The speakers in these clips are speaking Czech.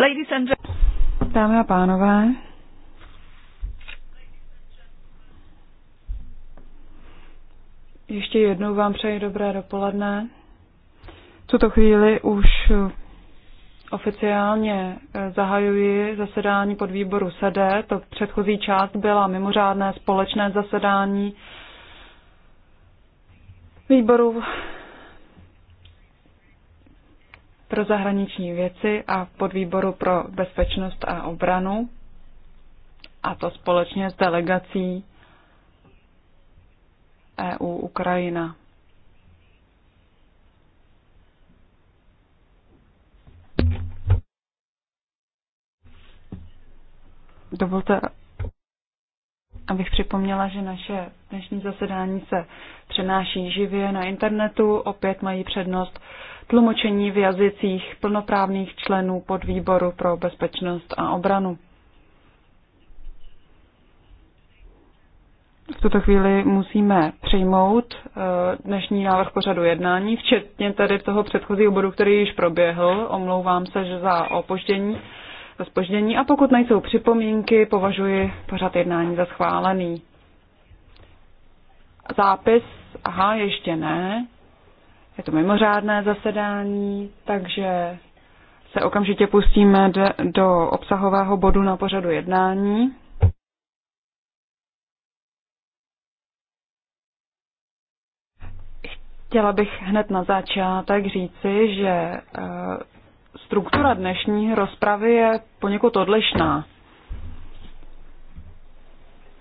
Ladies and Dámy a pánové, ještě jednou vám přeji dobré dopoledne. V tuto chvíli už oficiálně eh, zahajuji zasedání pod výboru SEDE. To předchozí část byla mimořádné společné zasedání výboru pro zahraniční věci a podvýboru pro bezpečnost a obranu, a to společně s delegací EU Ukrajina. Dovolte, abych připomněla, že naše dnešní zasedání se přenáší živě na internetu. Opět mají přednost tlumočení v jazycích plnoprávných členů podvýboru pro bezpečnost a obranu. v tuto chvíli musíme přijmout eh, dnešní návrh pořadu jednání, včetně tady toho předchozího bodu, který již proběhl. Omlouvám se že za opoždění. Za spoždění. A pokud nejsou připomínky, považuji pořad jednání za schválený. Zápis, aha, ještě ne. Je to mimořádné zasedání, takže se okamžitě pustíme do obsahového bodu na pořadu jednání. Chtěla bych hned na začátek říci, že eh, struktura dnešní rozpravy je poněkud odlišná.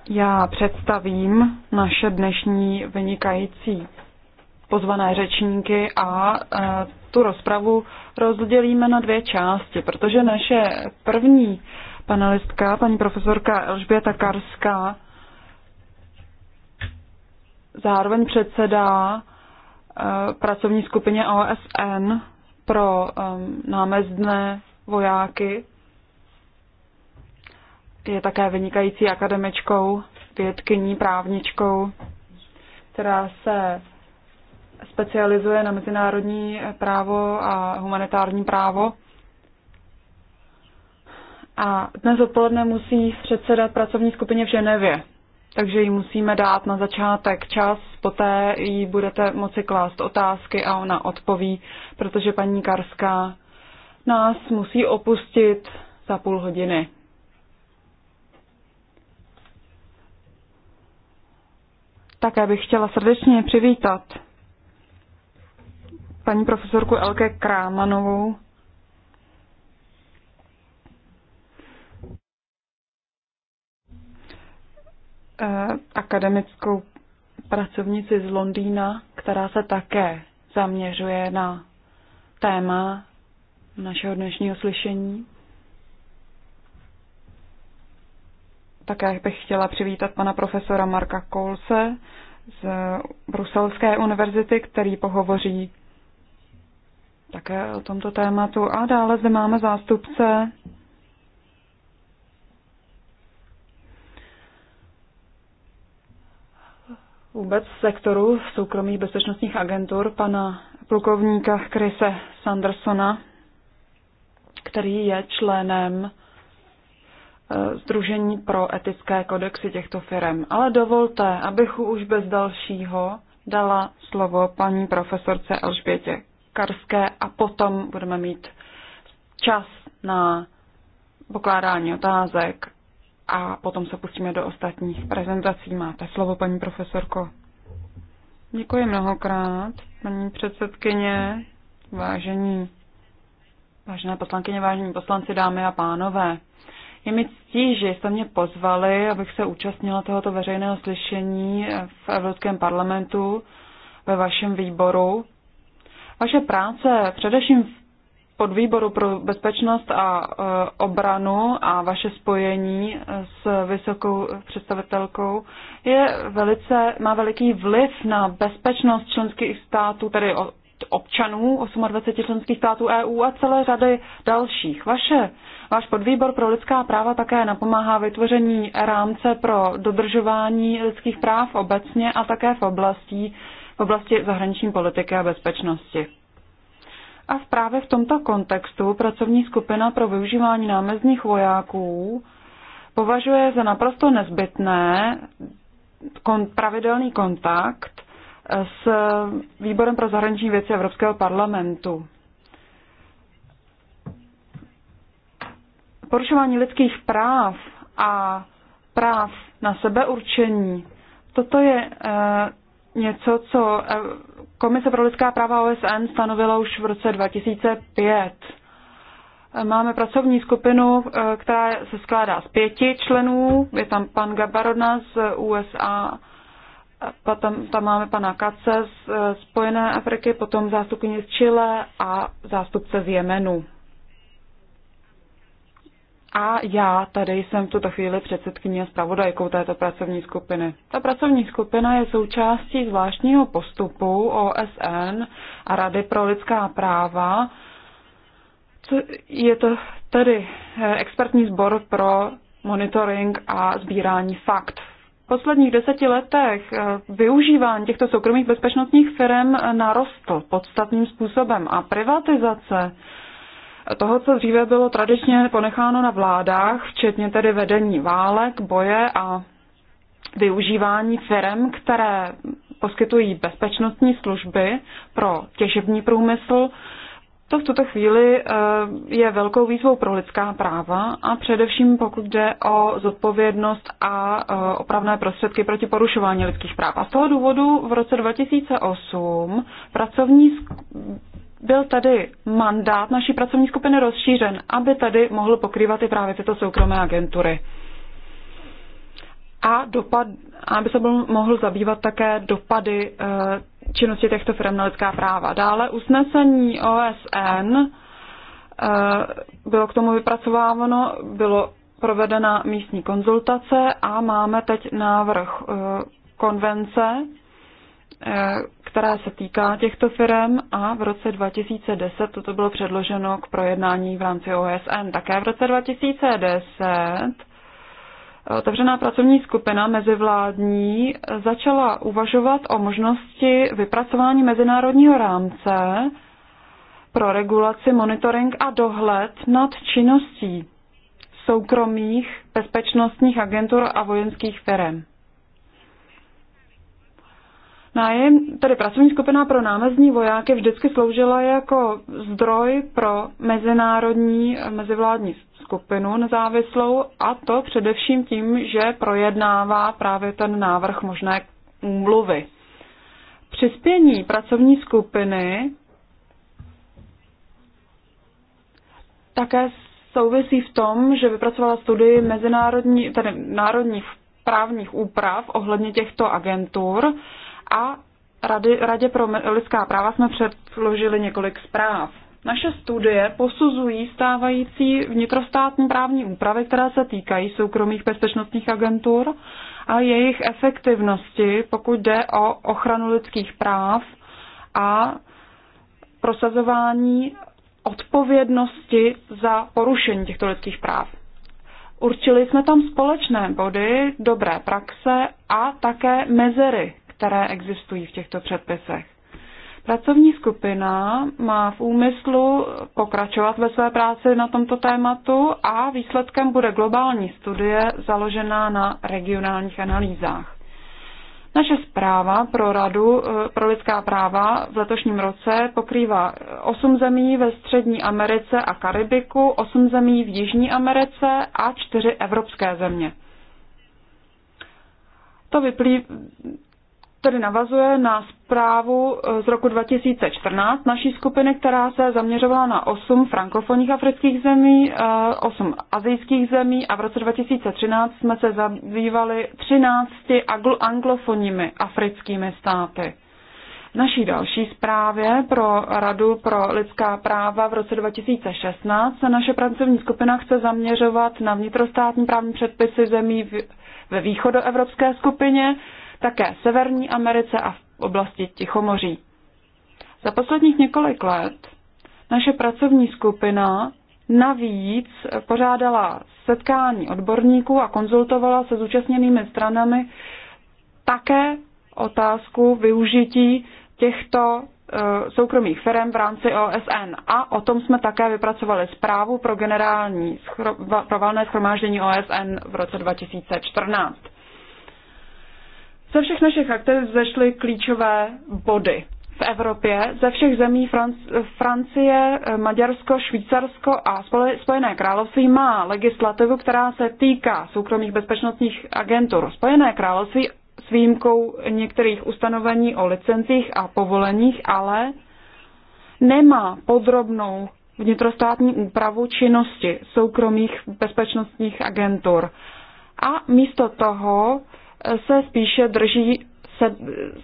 Já představím naše dnešní vynikající pozvané řečníky a tu rozpravu rozdělíme na dvě části, protože naše první panelistka, paní profesorka Elžběta Karská, zároveň předsedá e, pracovní skupině OSN pro e, námezdné vojáky. Je také vynikající akademičkou, vědkyní, právničkou, která se specializuje na mezinárodní právo a humanitární právo. A dnes odpoledne musí předsedat pracovní skupině v Ženevě, takže ji musíme dát na začátek čas, poté jí budete moci klást otázky a ona odpoví, protože paní Karská nás musí opustit za půl hodiny. Také bych chtěla srdečně přivítat paní profesorku Elke Krámanovou. Eh, akademickou pracovnici z Londýna, která se také zaměřuje na téma našeho dnešního slyšení. Také bych chtěla přivítat pana profesora Marka Kolse z Bruselské univerzity, který pohovoří také o tomto tématu. A dále zde máme zástupce vůbec sektoru soukromých bezpečnostních agentur, pana plukovníka Krise Sandersona, který je členem Združení eh, pro etické kodexy těchto firm. Ale dovolte, abych už bez dalšího dala slovo paní profesorce Alžbětě Karské a potom budeme mít čas na pokládání otázek a potom se pustíme do ostatních prezentací. Máte slovo, paní profesorko. Děkuji mnohokrát, paní předsedkyně, vážení, vážené poslankyně, vážení poslanci, dámy a pánové. Je mi ctí, že jste mě pozvali, abych se účastnila tohoto veřejného slyšení v Evropském parlamentu ve vašem výboru vaše práce především v podvýboru pro bezpečnost a e, obranu a vaše spojení s vysokou představitelkou je velice, má veliký vliv na bezpečnost členských států, tedy občanů 28 členských států EU a celé řady dalších. Vaše, váš podvýbor pro lidská práva také napomáhá vytvoření rámce pro dodržování lidských práv obecně a také v oblasti v oblasti zahraniční politiky a bezpečnosti. A právě v tomto kontextu pracovní skupina pro využívání námezních vojáků považuje za naprosto nezbytné kon, pravidelný kontakt s Výborem pro zahraniční věci Evropského parlamentu. Porušování lidských práv a práv na sebeurčení, toto je eh, něco, co eh, Komise pro lidská práva OSN stanovila už v roce 2005. Máme pracovní skupinu, eh, která se skládá z pěti členů. Je tam pan Gabarodna z USA, potom tam máme pana Kace z eh, Spojené Afriky, potom zástupkyně z Chile a zástupce z Jemenu a já tady jsem v tuto chvíli předsedkyně a zpravodajkou této pracovní skupiny. Ta pracovní skupina je součástí zvláštního postupu OSN a Rady pro lidská práva. Je to tedy eh, expertní sbor pro monitoring a sbírání fakt. V posledních deseti letech eh, využívání těchto soukromých bezpečnostních firm eh, narostl podstatným způsobem a privatizace toho, co dříve bylo tradičně ponecháno na vládách, včetně tedy vedení válek, boje a využívání firm, které poskytují bezpečnostní služby pro těžební průmysl, to v tuto chvíli eh, je velkou výzvou pro lidská práva a především pokud jde o zodpovědnost a eh, opravné prostředky proti porušování lidských práv. A z toho důvodu v roce 2008 pracovní byl tady mandát naší pracovní skupiny rozšířen, aby tady mohl pokrývat i právě tyto soukromé agentury. A dopad, aby se byl, mohl zabývat také dopady eh, činnosti těchto firm na lidská práva. Dále usnesení OSN eh, bylo k tomu vypracováno, bylo provedena místní konzultace a máme teď návrh eh, konvence Eh, která se týká těchto firm a v roce 2010 toto bylo předloženo k projednání v rámci OSN. Také v roce 2010 otevřená pracovní skupina mezivládní začala uvažovat o možnosti vypracování mezinárodního rámce pro regulaci, monitoring a dohled nad činností soukromých bezpečnostních agentur a vojenských firm. Nájem, tedy pracovní skupina pro námezní vojáky vždycky sloužila jako zdroj pro mezinárodní mezivládní skupinu nezávislou a to především tím, že projednává právě ten návrh možné úmluvy. Přispění pracovní skupiny také souvisí v tom, že vypracovala studii mezinárodní, tedy národních právních úprav ohledně těchto agentur a Rady, Radě pro lidská práva jsme předložili několik zpráv. Naše studie posuzují stávající vnitrostátní právní úpravy, které se týkají soukromých bezpečnostních agentur a jejich efektivnosti, pokud jde o ochranu lidských práv a prosazování odpovědnosti za porušení těchto lidských práv. Určili jsme tam společné body, dobré praxe a také mezery které existují v těchto předpisech. Pracovní skupina má v úmyslu pokračovat ve své práci na tomto tématu a výsledkem bude globální studie založená na regionálních analýzách. Naše zpráva pro Radu eh, pro lidská práva v letošním roce pokrývá 8 eh, zemí ve Střední Americe a Karibiku, 8 zemí v Jižní Americe a 4 evropské země. To vyplývá, tedy navazuje na zprávu eh, z roku 2014 naší skupiny, která se zaměřovala na 8 frankofonních afrických zemí, 8 eh, azijských zemí a v roce 2013 jsme se zabývali 13 anglofonními africkými státy. V naší další zprávě pro Radu pro lidská práva v roce 2016 se naše pracovní skupina chce zaměřovat na vnitrostátní právní předpisy zemí ve východoevropské skupině, také v Severní Americe a v oblasti Tichomoří. Za posledních několik let naše pracovní skupina navíc pořádala setkání odborníků a konzultovala se zúčastněnými stranami také otázku využití těchto eh, soukromých firm v rámci OSN. A o tom jsme také vypracovali zprávu pro generální pro valné schromáždění OSN v roce 2014. Ze všech našich aktivit zešly klíčové body v Evropě, ze všech zemí Francie, Maďarsko, Švýcarsko a Spojené království má legislativu, která se týká soukromých bezpečnostních agentur. Spojené království s výjimkou některých ustanovení o licencích a povoleních, ale nemá podrobnou vnitrostátní úpravu činnosti soukromých bezpečnostních agentur. A místo toho se spíše drží se,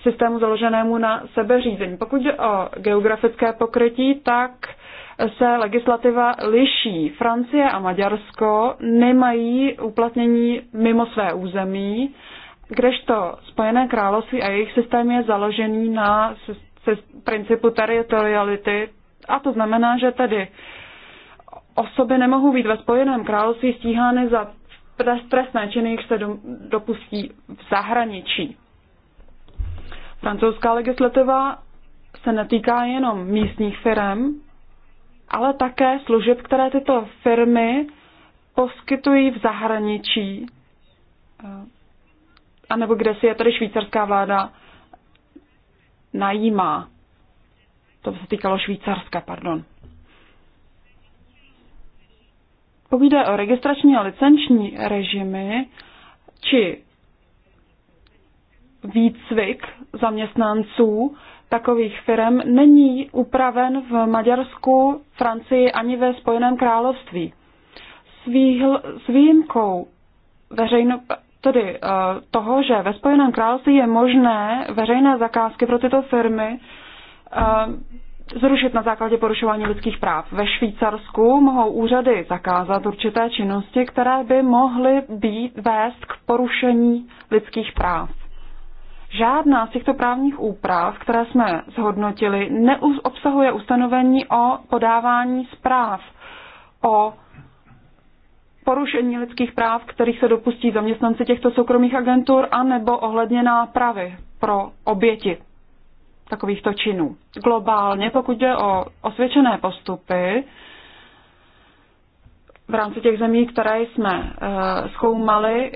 systému založenému na sebeřízení. Pokud jde o geografické pokrytí, tak se legislativa liší. Francie a Maďarsko nemají uplatnění mimo své území, kdežto Spojené království a jejich systém je založený na principu teritoriality a to znamená, že tedy osoby nemohou být ve Spojeném království stíhány za trestné činy, jich se dopustí v zahraničí. Francouzská legislativa se netýká jenom místních firm, ale také služeb, které tyto firmy poskytují v zahraničí, eh, anebo kde si je tady švýcarská vláda najímá. To se týkalo Švýcarska, pardon. Pokud jde o registrační a licenční režimy či výcvik zaměstnanců takových firm, není upraven v Maďarsku, Francii ani ve Spojeném království. S, výjimkou veřejno, tedy eh, toho, že ve Spojeném království je možné veřejné zakázky pro tyto firmy eh, zrušit na základě porušování lidských práv. Ve Švýcarsku mohou úřady zakázat určité činnosti, které by mohly být vést k porušení lidských práv. Žádná z těchto právních úprav, které jsme zhodnotili, neobsahuje ustanovení o podávání zpráv, o porušení lidských práv, kterých se dopustí zaměstnanci těchto soukromých agentur, anebo ohledně nápravy pro oběti takovýchto činů. Globálně, pokud jde o osvědčené postupy, v rámci těch zemí, které jsme eh, zkoumali,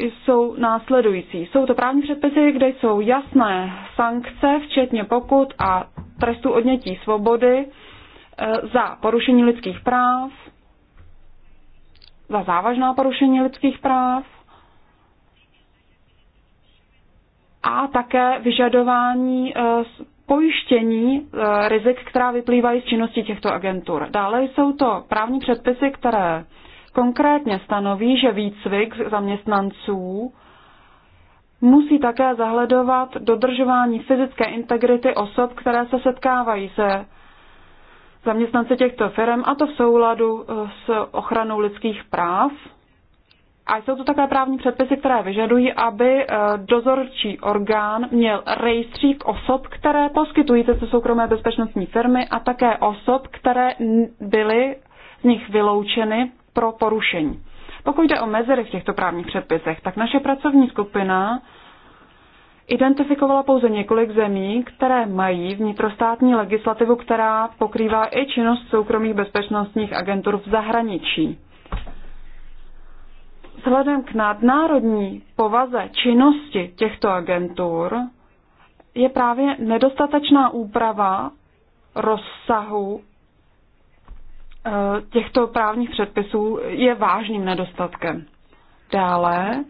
jsou následující. Jsou to právní předpisy, kde jsou jasné sankce, včetně pokut a trestu odnětí svobody eh, za porušení lidských práv, za závažná porušení lidských práv, a také vyžadování e, pojištění e, rizik, která vyplývají z činnosti těchto agentur. Dále jsou to právní předpisy, které konkrétně stanoví, že výcvik zaměstnanců musí také zahledovat dodržování fyzické integrity osob, které se setkávají se zaměstnanci těchto firm, a to v souladu e, s ochranou lidských práv a jsou to také právní předpisy, které vyžadují, aby eh, dozorčí orgán měl rejstřík osob, které poskytují tyto soukromé bezpečnostní firmy a také osob, které byly z nich vyloučeny pro porušení. Pokud jde o mezery v těchto právních předpisech, tak naše pracovní skupina identifikovala pouze několik zemí, které mají vnitrostátní legislativu, která pokrývá i činnost soukromých bezpečnostních agentur v zahraničí vzhledem k nadnárodní povaze činnosti těchto agentur je právě nedostatečná úprava rozsahu eh, těchto právních předpisů je vážným nedostatkem. Dále,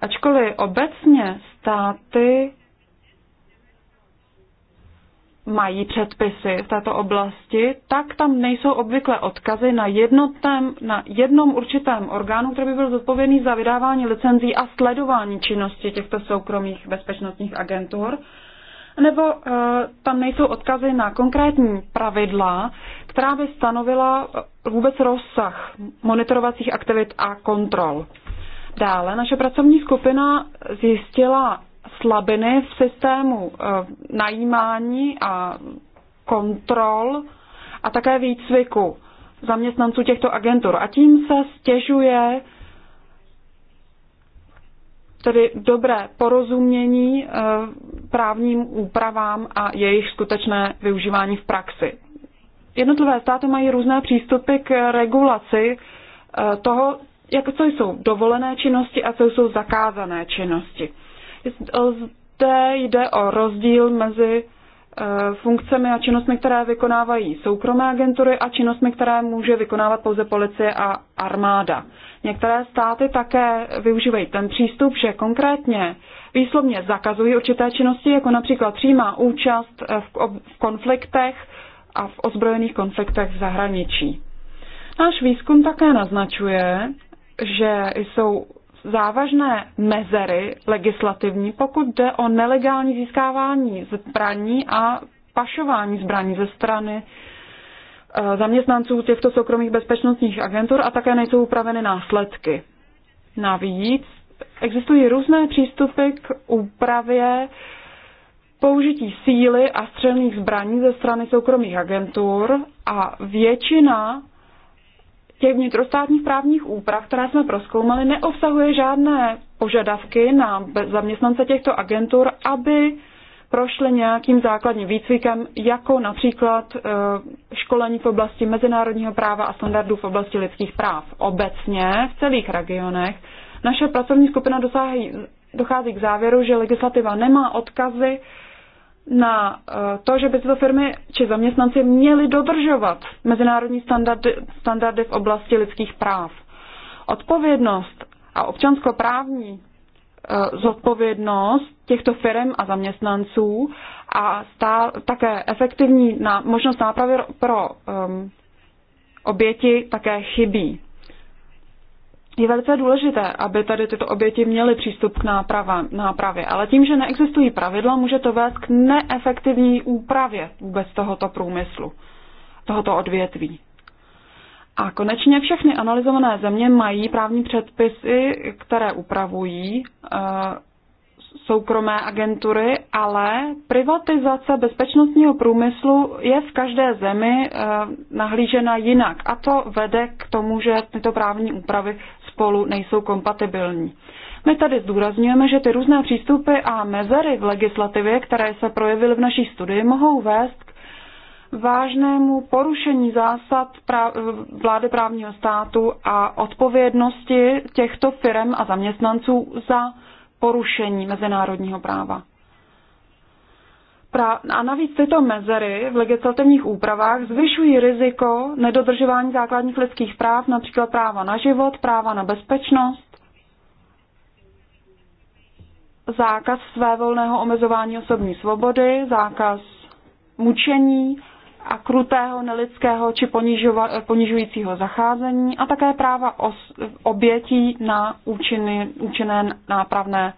ačkoliv obecně státy mají předpisy v této oblasti, tak tam nejsou obvykle odkazy na, jednotném, na jednom určitém orgánu, který by byl zodpovědný za vydávání licenzí a sledování činnosti těchto soukromých bezpečnostních agentur. Nebo uh, tam nejsou odkazy na konkrétní pravidla, která by stanovila eh, vůbec rozsah monitorovacích aktivit a kontrol. Dále naše pracovní skupina zjistila slabiny v systému eh, najímání a kontrol a také výcviku zaměstnanců těchto agentur. A tím se stěžuje tedy dobré porozumění eh, právním úpravám a jejich skutečné využívání v praxi. Jednotlivé státy mají různé přístupy k regulaci eh, toho, jak, co jsou dovolené činnosti a co jsou zakázané činnosti. Zde jde o rozdíl mezi e, funkcemi a činnostmi, které vykonávají soukromé agentury a činnostmi, které může vykonávat pouze policie a armáda. Některé státy také využívají ten přístup, že konkrétně výslovně zakazují určité činnosti, jako například přímá účast e, v konfliktech a v ozbrojených konfliktech v zahraničí. Náš výzkum také naznačuje, že jsou závažné mezery legislativní, pokud jde o nelegální získávání zbraní a pašování zbraní ze strany eh, zaměstnanců těchto soukromých bezpečnostních agentur a také nejsou upraveny následky. Navíc existují různé přístupy k úpravě použití síly a střelných zbraní ze strany soukromých agentur a většina těch vnitrostátních právních úprav, které jsme proskoumali, neobsahuje žádné požadavky na zaměstnance těchto agentur, aby prošli nějakým základním výcvikem, jako například eh, školení v oblasti mezinárodního práva a standardů v oblasti lidských práv. Obecně v celých regionech naše pracovní skupina dosáhají, dochází k závěru, že legislativa nemá odkazy na eh, to, že by tyto firmy či zaměstnanci měli dodržovat mezinárodní standardy, standardy v oblasti lidských práv. Odpovědnost a občanskoprávní eh, zodpovědnost těchto firm a zaměstnanců a stál, také efektivní na, možnost nápravy pro um, oběti také chybí je velice důležité, aby tady tyto oběti měly přístup k náprava, nápravě, ale tím, že neexistují pravidla, může to vést k neefektivní úpravě vůbec tohoto průmyslu, tohoto odvětví. A konečně všechny analyzované země mají právní předpisy, které upravují eh, soukromé agentury, ale privatizace bezpečnostního průmyslu je v každé zemi eh, nahlížena jinak. A to vede k tomu, že tyto právní úpravy spolu nejsou kompatibilní. My tady zdůrazňujeme, že ty různé přístupy a mezery v legislativě, které se projevily v naší studii, mohou vést k vážnému porušení zásad vlády právního státu a odpovědnosti těchto firm a zaměstnanců za porušení mezinárodního práva. A navíc tyto mezery v legislativních úpravách zvyšují riziko nedodržování základních lidských práv, například práva na život, práva na bezpečnost, zákaz svévolného omezování osobní svobody, zákaz mučení a krutého, nelidského či ponižova, ponižujícího zacházení a také práva os, obětí na účinné nápravné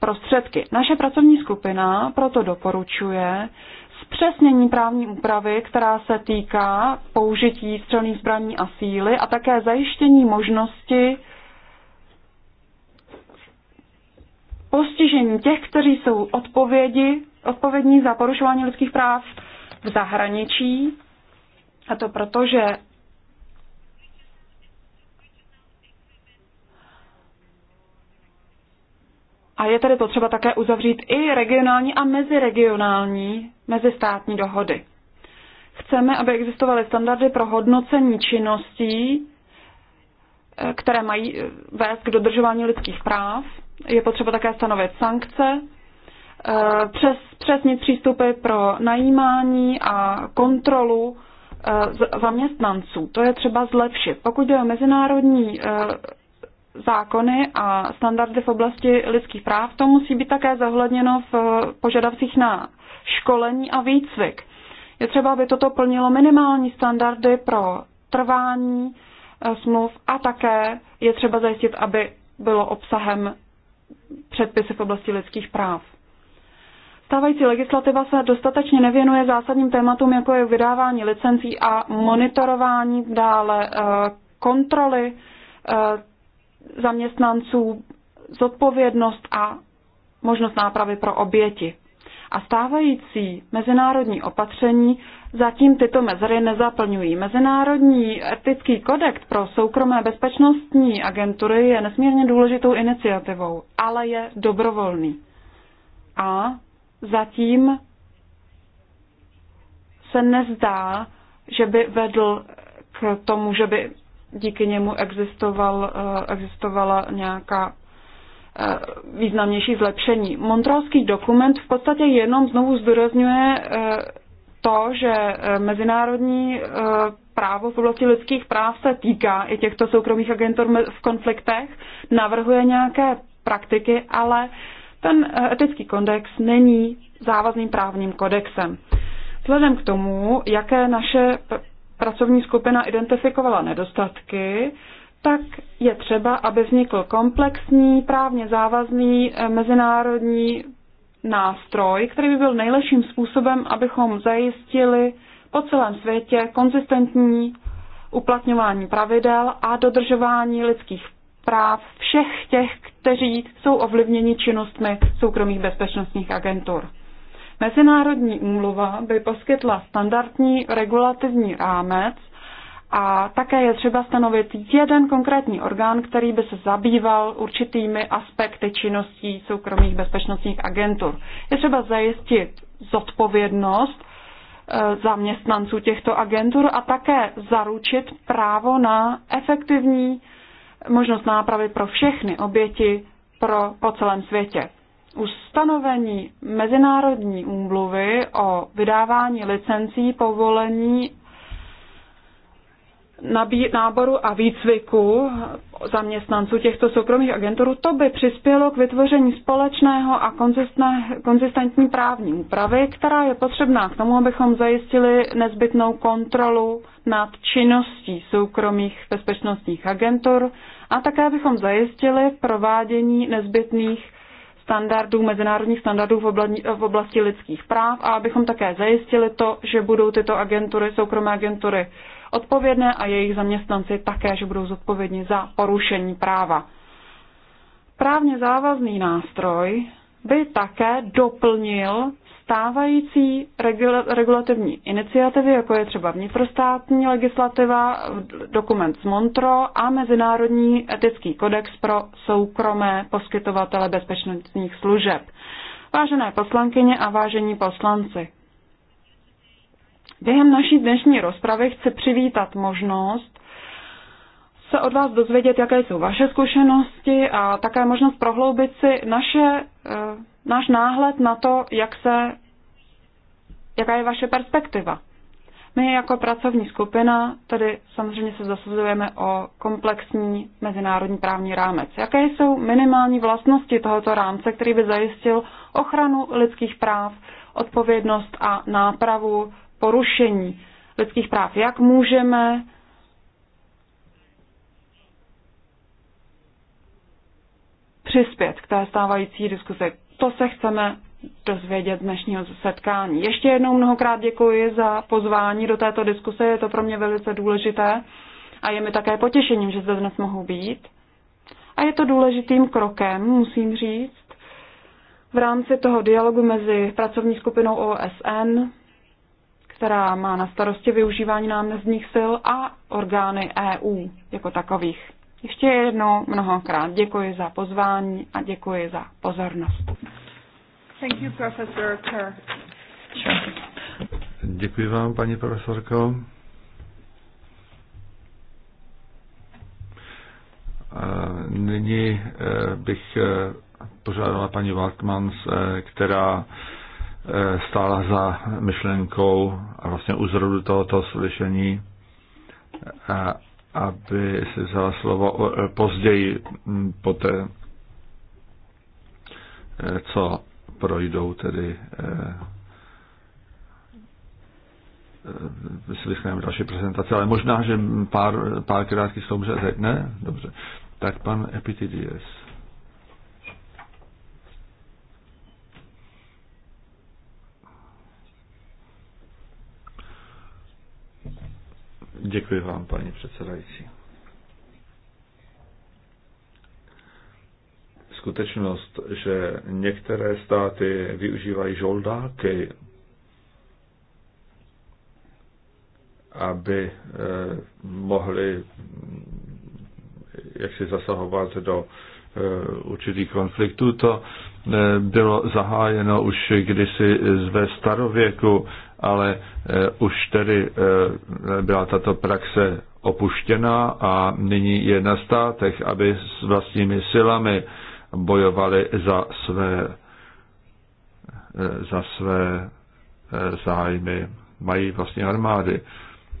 prostředky. Naše pracovní skupina proto doporučuje zpřesnění právní úpravy, která se týká použití střelných zbraní a síly a také zajištění možnosti postižení těch, kteří jsou odpovědi, odpovědní za porušování lidských práv v zahraničí. A to proto, že A je tedy potřeba také uzavřít i regionální a meziregionální mezistátní dohody. Chceme, aby existovaly standardy pro hodnocení činností, eh, které mají eh, vést k dodržování lidských práv. Je potřeba také stanovit sankce, eh, přes, přesnit přístupy pro najímání a kontrolu zaměstnanců. To je třeba zlepšit. Pokud jde o mezinárodní zákony a standardy v oblasti lidských práv, to musí být také zohledněno v eh, požadavcích na školení a výcvik. Je třeba, aby toto plnilo minimální standardy pro trvání eh, smluv a také je třeba zajistit, aby bylo obsahem předpisy v oblasti lidských práv. Stávající legislativa se dostatečně nevěnuje zásadním tématům, jako je vydávání licencí a monitorování, dále eh, kontroly zaměstnanců, zodpovědnost a možnost nápravy pro oběti. A stávající mezinárodní opatření zatím tyto mezery nezaplňují. Mezinárodní etický kodex pro soukromé bezpečnostní agentury je nesmírně důležitou iniciativou, ale je dobrovolný. A zatím se nezdá, že by vedl k tomu, že by díky němu existoval, eh, existovala nějaká eh, významnější zlepšení. Montrealský dokument v podstatě jenom znovu zdůrazňuje eh, to, že mezinárodní právo v oblasti lidských práv se týká i těchto soukromých agentur v konfliktech, navrhuje nějaké praktiky, ale ten etický kodex není závazným právním kodexem. Vzhledem k tomu, jaké naše pracovní skupina identifikovala nedostatky, tak je třeba, aby vznikl komplexní, právně závazný eh, mezinárodní nástroj, který by byl nejlepším způsobem, abychom zajistili po celém světě konzistentní uplatňování pravidel a dodržování lidských práv všech těch, kteří jsou ovlivněni činnostmi soukromých bezpečnostních agentur. Mezinárodní úmluva by poskytla standardní regulativní rámec a také je třeba stanovit jeden konkrétní orgán, který by se zabýval určitými aspekty činností soukromých bezpečnostních agentur. Je třeba zajistit zodpovědnost eh, zaměstnanců těchto agentur a také zaručit právo na efektivní možnost nápravy pro všechny oběti pro, po celém světě ustanovení mezinárodní úmluvy o vydávání licencí, povolení náboru a výcviku zaměstnanců těchto soukromých agentur, to by přispělo k vytvoření společného a konzistentní právní úpravy, která je potřebná k tomu, abychom zajistili nezbytnou kontrolu nad činností soukromých bezpečnostních agentur a také abychom zajistili provádění nezbytných standardů, mezinárodních standardů v oblasti, v oblasti lidských práv a abychom také zajistili to, že budou tyto agentury, soukromé agentury, odpovědné a jejich zaměstnanci také, že budou zodpovědní za porušení práva. Právně závazný nástroj by také doplnil stávající regulativní iniciativy, jako je třeba vnitrostátní legislativa, dokument z Montro a Mezinárodní etický kodex pro soukromé poskytovatele bezpečnostních služeb. Vážené poslankyně a vážení poslanci, během naší dnešní rozpravy chci přivítat možnost se od vás dozvědět, jaké jsou vaše zkušenosti a také možnost prohloubit si naše eh, náš náhled na to, jak se, jaká je vaše perspektiva. My jako pracovní skupina tedy samozřejmě se zasazujeme o komplexní mezinárodní právní rámec. Jaké jsou minimální vlastnosti tohoto rámce, který by zajistil ochranu lidských práv, odpovědnost a nápravu porušení lidských práv? Jak můžeme přispět k té stávající diskuzi? to se chceme dozvědět z dnešního setkání. Ještě jednou mnohokrát děkuji za pozvání do této diskuse, je to pro mě velice důležité a je mi také potěšením, že zde dnes mohu být. A je to důležitým krokem, musím říct, v rámci toho dialogu mezi pracovní skupinou OSN, která má na starosti využívání námezních sil a orgány EU jako takových. Ještě jednou mnohokrát děkuji za pozvání a děkuji za pozornost. Thank you, Professor Kerr. Sure. Děkuji vám, paní profesorko. Nyní eh, bych eh, požádala paní Waltmans, eh, která stála za myšlenkou a vlastně u zrodu tohoto slyšení, aby si vzala slovo e, později po té, e, co projdou tedy e, vyslychneme další prezentace, ale možná, že pár, pár krátkých slov ne? Dobře. Tak pan Epitidies. Děkuji vám, paní předsedající. Skutečnost, že některé státy využívají žoldáky, aby eh, mohli eh, jak si zasahovat do eh, určitých konfliktů. To bylo zahájeno už kdysi ve starověku ale e, už tedy e, byla tato praxe opuštěna a nyní je na státech, aby s vlastními silami bojovali za své, e, za své zájmy. Mají vlastně armády.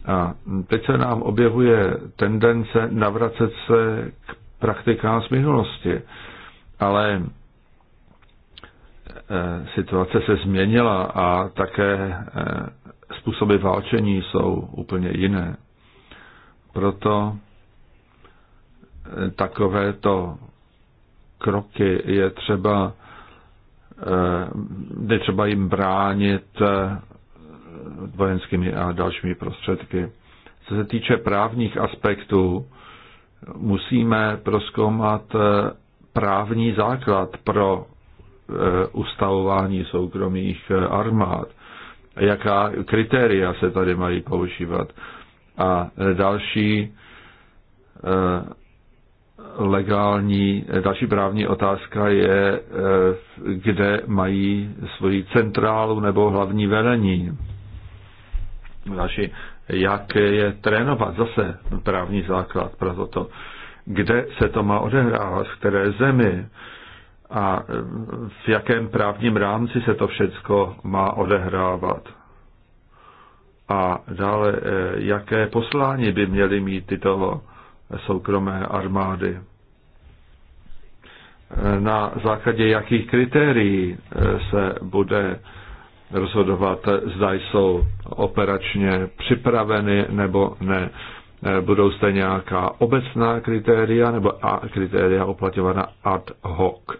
A teď se nám objevuje tendence navracet se k praktikám z minulosti. Ale Eh, situace se změnila a také eh, způsoby válčení jsou úplně jiné. Proto eh, takovéto kroky je třeba, je třeba jim bránit vojenskými a dalšími prostředky. Co se týče právních aspektů, musíme proskoumat právní základ pro Eh, ustavování soukromých eh, armád, jaká kritéria se tady mají používat. A eh, další legální, další právní otázka je, kde mají svoji centrálu nebo hlavní velení. Další, jak je trénovat zase právní základ pro toto. Kde se to má odehrávat, v které zemi, a e, v jakém právním rámci se to všecko má odehrávat. A dále, e, jaké poslání by měly mít tyto soukromé armády. E, na základě jakých kritérií se bude rozhodovat, zda jsou operačně připraveny nebo ne. Budou zde nějaká obecná kritéria nebo a kritéria uplatňovaná ad hoc.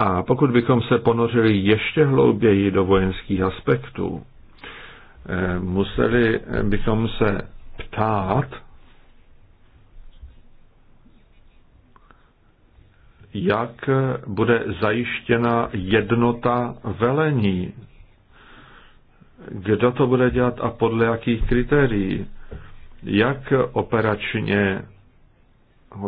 A pokud bychom se ponořili ještě hlouběji do vojenských aspektů, eh, museli bychom se ptát, jak bude zajištěna jednota velení, kdo to bude dělat a podle jakých kritérií, jak operačně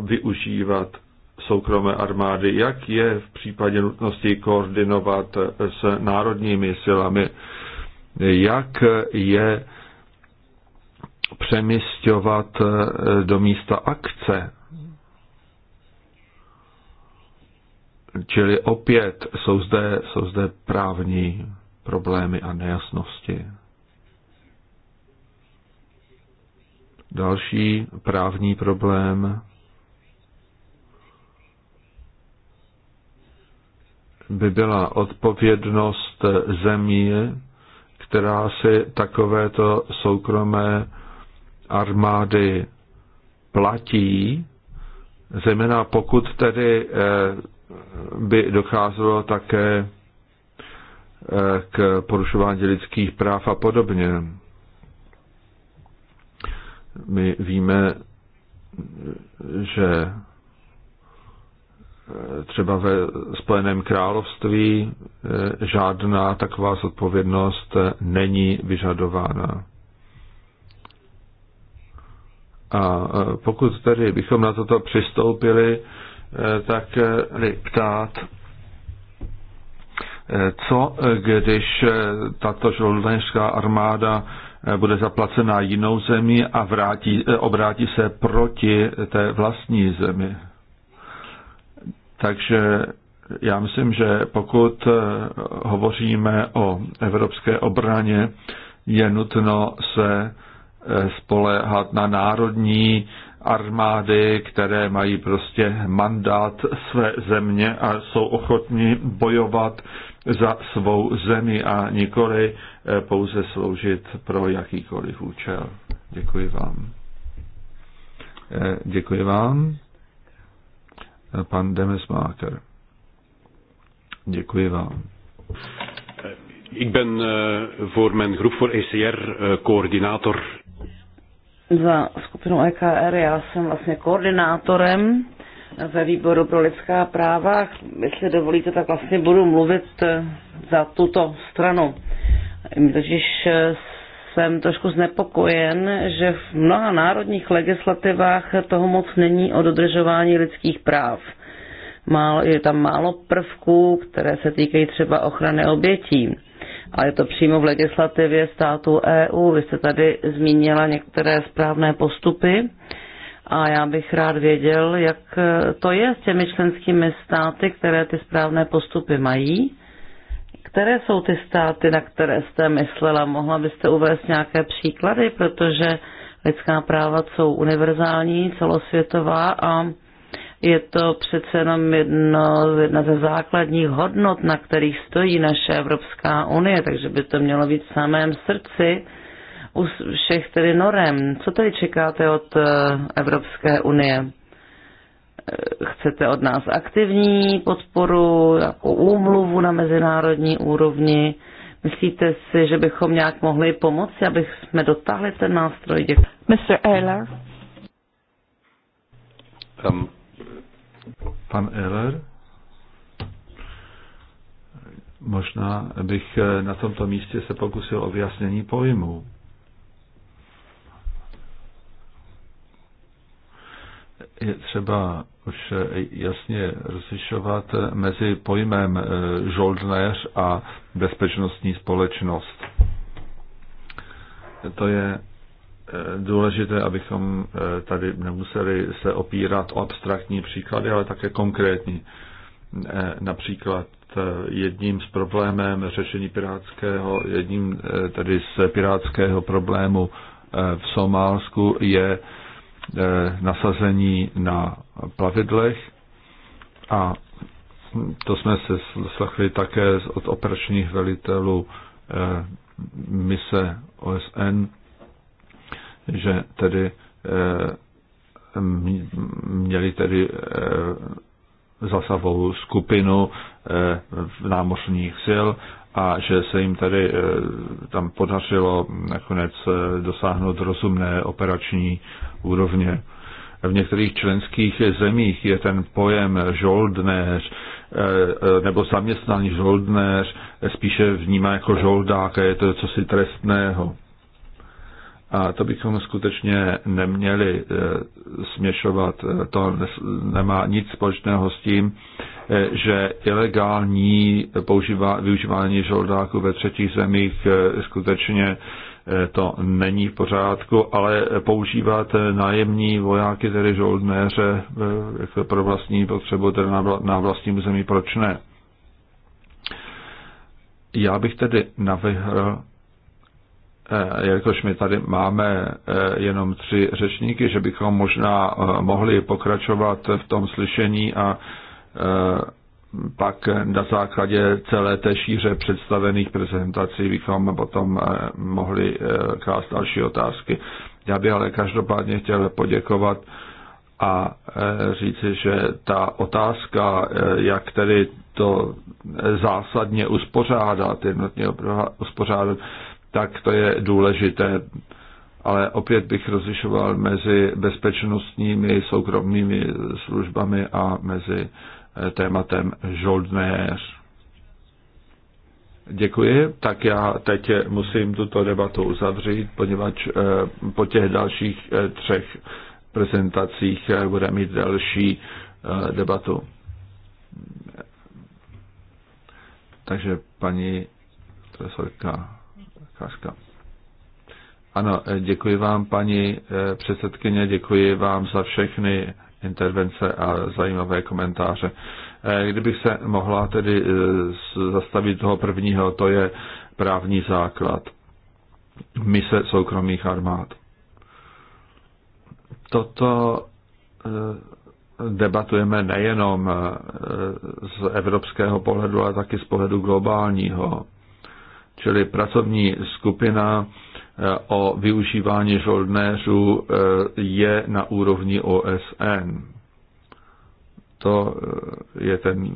využívat soukromé armády, jak je v případě nutnosti koordinovat s národními silami, jak je přemysťovat eh, do místa akce. Čili opět jsou zde, jsou zde právní problémy a nejasnosti. Další právní problém by byla odpovědnost země, která si takovéto soukromé armády platí, zejména pokud tedy eh, by docházelo také eh, k porušování lidských práv a podobně. My víme, že třeba ve Spojeném království eh, žádná taková zodpovědnost eh, není vyžadována. A eh, pokud tedy bychom na toto přistoupili, tak ptát, co když tato žoldenská armáda bude zaplacená jinou zemí a vrátí, obrátí se proti té vlastní zemi. Takže já myslím, že pokud eh, hovoříme o evropské obraně, je nutno se eh, spolehat na národní armády, které mají prostě mandát své země a jsou ochotní bojovat za svou zemi a nikoli eh, pouze sloužit pro jakýkoliv účel. Děkuji vám. Děkuji vám pan Demesmaker. Děkuji vám. Ik ben eh, voor mijn groep voor ECR eh, coördinator. Za skupinu EKR já jsem vlastně koordinátorem ve výboru pro lidská práva. Jestli dovolíte, tak vlastně budu mluvit za tuto stranu. Totiž eh, jsem trošku znepokojen, že v mnoha národních legislativách toho moc není o dodržování lidských práv. Málo, je tam málo prvků, které se týkají třeba ochrany obětí. A je to přímo v legislativě státu EU. Vy jste tady zmínila některé správné postupy a já bych rád věděl, jak to je s těmi členskými státy, které ty správné postupy mají které jsou ty státy, na které jste myslela? Mohla byste uvést nějaké příklady, protože lidská práva jsou univerzální, celosvětová a je to přece jenom jedno, jedna ze základních hodnot, na kterých stojí naše Evropská unie, takže by to mělo být v samém srdci u všech tedy norem. Co tedy čekáte od eh, Evropské unie? chcete od nás aktivní podporu, jako úmluvu na mezinárodní úrovni. Myslíte si, že bychom nějak mohli pomoci, abych jsme dotáhli ten nástroj? Mr. Ehler. Um, pan Ehler? Možná bych eh, na tomto místě se pokusil o vyjasnění pojmů. Je třeba už eh, jasně rozlišovat mezi pojmem eh, žoldnéř a bezpečnostní společnost. To je eh, důležité, abychom tady nemuseli se opírat o abstraktní příklady, ale také konkrétní. Například jedním z problémem řešení pirátského, jedním tedy z pirátského problému v Somálsku je Eh, nasazení na plavidlech a to jsme se slyšeli také od operačních velitelů eh, mise OSN, že tedy eh, měli tedy za sebou skupinu námořních sil a že se jim tady eh, tam podařilo nakonec eh, dosáhnout rozumné operační úrovně. V některých členských zemích je ten pojem žoldnéř eh, nebo zaměstnaný žoldnéř spíše vnímá jako žoldák a je to cosi trestného. A to bychom skutečně neměli eh, směšovat. Eh, to nemá nic společného s tím, eh, že ilegální používá, využívání žoldáku ve třetích zemích skutečně to není v pořádku, ale používat nájemní vojáky, tedy žoldnéře, jako pro vlastní potřebu, tedy na vlastním zemi, proč ne? Já bych tedy navrhl, Eh, jelikož my tady máme eh, jenom tři řečníky, že bychom možná eh, mohli pokračovat v tom slyšení a pak na základě celé té šíře představených prezentací bychom potom mohli klást další otázky. Já bych ale každopádně chtěl poděkovat a říci, že ta otázka, jak tedy to zásadně uspořádat, jednotně uspořádat, tak to je důležité. Ale opět bych rozlišoval mezi bezpečnostními soukromými službami a mezi eh, tématem žoldnéř. Děkuji. Tak já teď musím tuto debatu uzavřít, poněvadž eh, po těch dalších eh, třech prezentacích bude mít další debatu. Takže paní profesorka Kaška. Ano, eh, děkuji vám, paní eh, předsedkyně, děkuji vám za všechny intervence a zajímavé komentáře. Eh, kdybych se mohla tedy zastavit toho prvního, to je právní základ mise soukromých armád. Toto debatujeme nejenom z evropského pohledu, ale taky z pohledu globálního čili pracovní skupina eh, o využívání žoldnéřů eh, je na úrovni OSN. To eh, je ten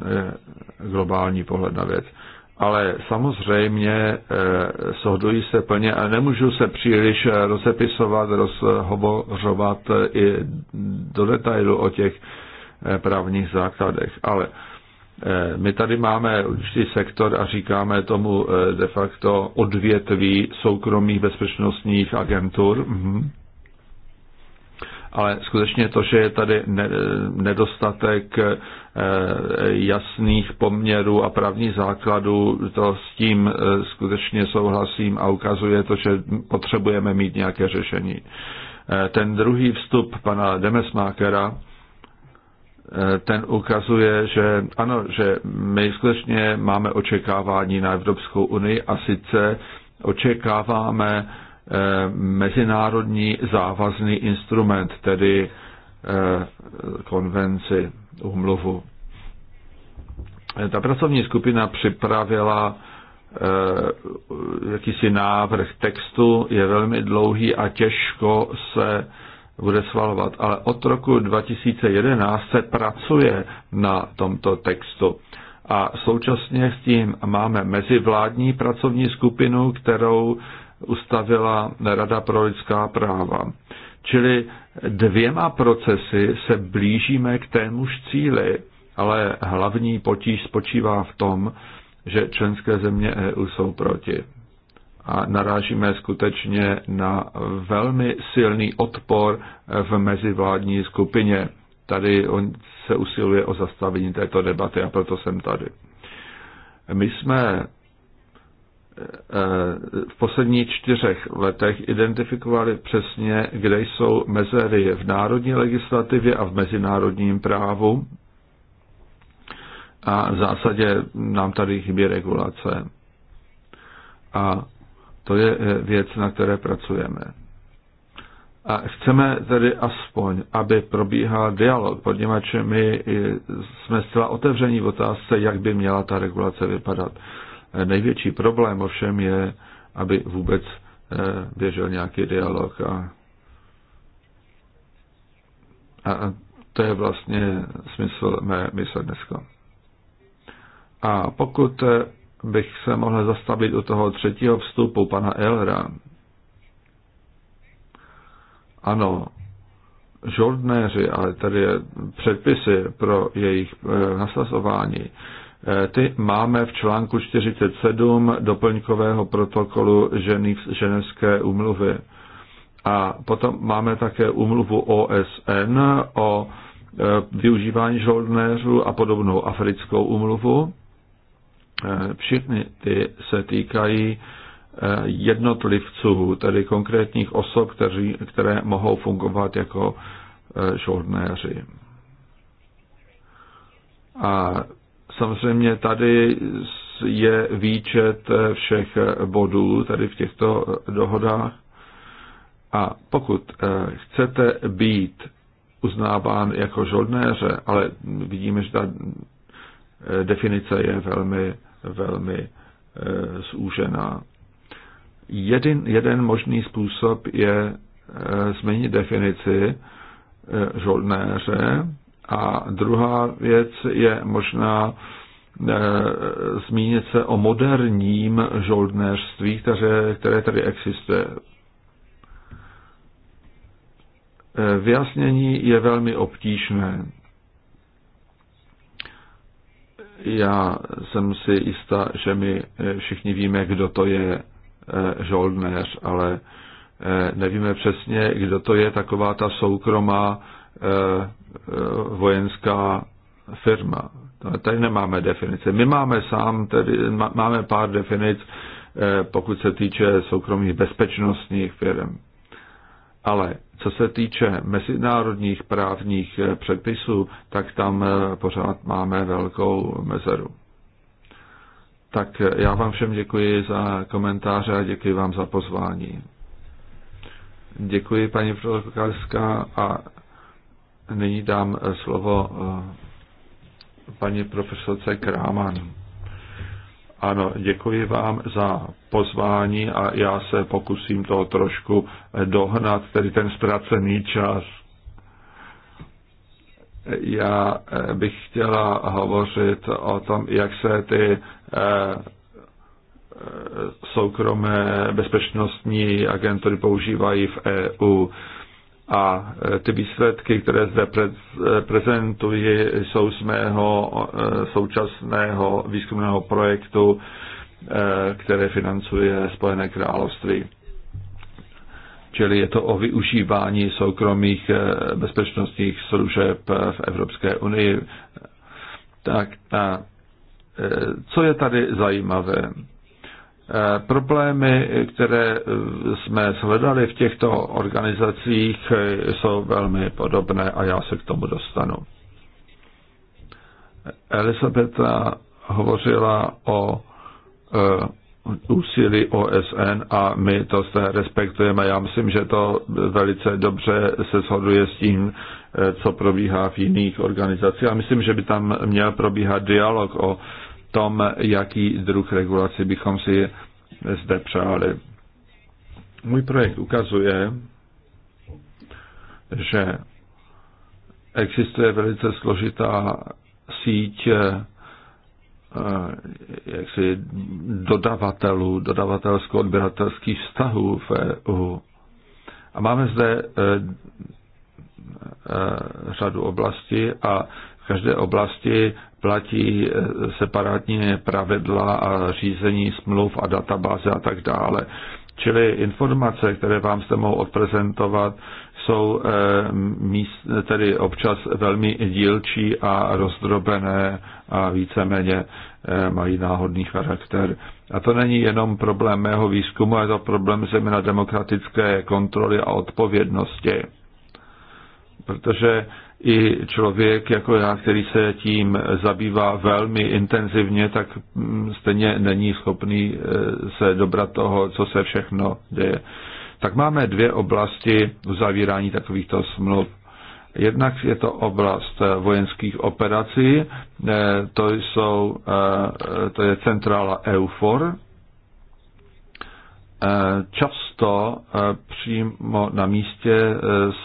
globální pohled na věc. Ale samozřejmě sohdují se plně a nemůžu se příliš rozepisovat, rozhovořovat i do detailu o těch právních základech. Ale Eh, my tady máme určitý sektor a říkáme tomu eh, de facto odvětví soukromých bezpečnostních agentur. Mhm. Ale skutečně to, že je tady nedostatek eh, jasných poměrů a právních základů, to s tím skutečně souhlasím a ukazuje to, že potřebujeme mít nějaké řešení. Ten druhý vstup pana Demesmákera, Eh, ten ukazuje, že ano, že my skutečně máme očekávání na Evropskou unii a sice očekáváme eh, mezinárodní závazný instrument, tedy eh, konvenci, umluvu. Ta pracovní skupina připravila jakýsi návrh textu, je velmi dlouhý a těžko se bude svalovat, ale od roku 2011 se pracuje na tomto textu. A současně s tím máme mezivládní pracovní skupinu, kterou ustavila Rada pro lidská práva. Čili dvěma procesy se blížíme k témuž cíli, ale hlavní potíž spočívá v tom, že členské země EU jsou proti a narážíme skutečně na velmi silný odpor v mezivládní skupině. Tady on se usiluje o zastavení této debaty a proto jsem tady. My jsme eh, eh, v posledních čtyřech letech identifikovali přesně, kde jsou mezery v národní legislativě a v mezinárodním právu. A v zásadě nám tady chybí regulace. A to je eh, věc, na které pracujeme. A chceme tedy aspoň, aby probíhal dialog, poněvadž my eh, jsme zcela otevření v otázce, jak by měla ta regulace vypadat. Eh, největší problém ovšem je, aby vůbec běžel nějaký dialog. A, a to je vlastně smysl mé mysle dneska. A pokud bych se mohl zastavit u toho třetího vstupu pana Elra. Ano, žoldnéři, ale tady předpisy pro jejich eh, nasazování, eh, ty máme v článku 47 doplňkového protokolu Ženevské umluvy. A potom máme také umluvu OSN o eh, využívání žoldnéřů a podobnou africkou umluvu. Eh, Všechny ty se týkají eh, jednotlivců, tedy konkrétních osob, kteří, které mohou fungovat jako eh, žoldnéři. A samozřejmě tady je výčet všech bodů, tady v těchto dohodách. A pokud chcete být uznáván jako žoldnéře, ale vidíme, že ta definice je velmi velmi eh, zúžená. Jeden, jeden možný způsob je eh, změnit definici eh, žolnéře a druhá věc je možná zmínit se o moderním žoldnéřství, které, které tady existuje. Vyjasnění je velmi obtížné. Já jsem si jistá, že my eh, všichni víme, kdo to je eh, žoldnéř, ale eh, nevíme přesně, kdo to je taková ta soukromá vojenská firma. Tady nemáme definice. My máme sám, tedy máme pár definic, pokud se týče soukromých bezpečnostních firm. Ale co se týče mezinárodních právních eh, předpisů, tak tam eh, pořád máme velkou mezeru. Tak eh, já vám všem děkuji za komentáře a děkuji vám za pozvání. Děkuji, paní profesorská, a nyní dám slovo paní profesorce Kráman. Ano, děkuji vám za pozvání a já se pokusím to trošku dohnat, tedy ten ztracený čas. Já eh, bych chtěla hovořit o tom, jak se ty eh, eh, soukromé bezpečnostní agentury používají v EU. A e, ty výsledky, které zde prezentuji, jsou z mého e, současného výzkumného projektu, e, které financuje Spojené království. Čili je to o využívání soukromých bezpečnostních služeb v Evropské unii. Tak a co je tady zajímavé? Eh, problémy, které eh, jsme shledali v těchto organizacích, eh, jsou velmi podobné a já se k tomu dostanu. Elisabeta hovořila o úsilí OSN a my to se respektujeme. Já myslím, že to velice dobře se shoduje s tím, co probíhá v jiných organizacích. A myslím, že by tam měl probíhat dialog o tom, jaký druh regulace bychom si zde přáli. Můj projekt ukazuje, že existuje velice složitá síť eh, jaksi dodavatelů, dodavatelsko-odběratelských vztahů v EU. A máme zde eh, eh, řadu oblastí a v každé oblasti platí eh, separátně pravidla a řízení smluv a databáze a tak dále. Čili informace, které vám se mohou odprezentovat, jsou eh, tedy občas velmi dílčí a rozdrobené a víceméně eh, mají náhodný charakter. A to není jenom problém mého výzkumu, je to problém zejména demokratické kontroly a odpovědnosti. Protože i člověk jako já, který se tím zabývá velmi intenzivně, tak mm, stejně není schopný e, se dobrat toho, co se všechno děje. Tak máme dvě oblasti uzavírání takovýchto smluv. Jednak je to oblast vojenských operací, e, to, jsou, e, to je centrála EUFOR. Často přímo na místě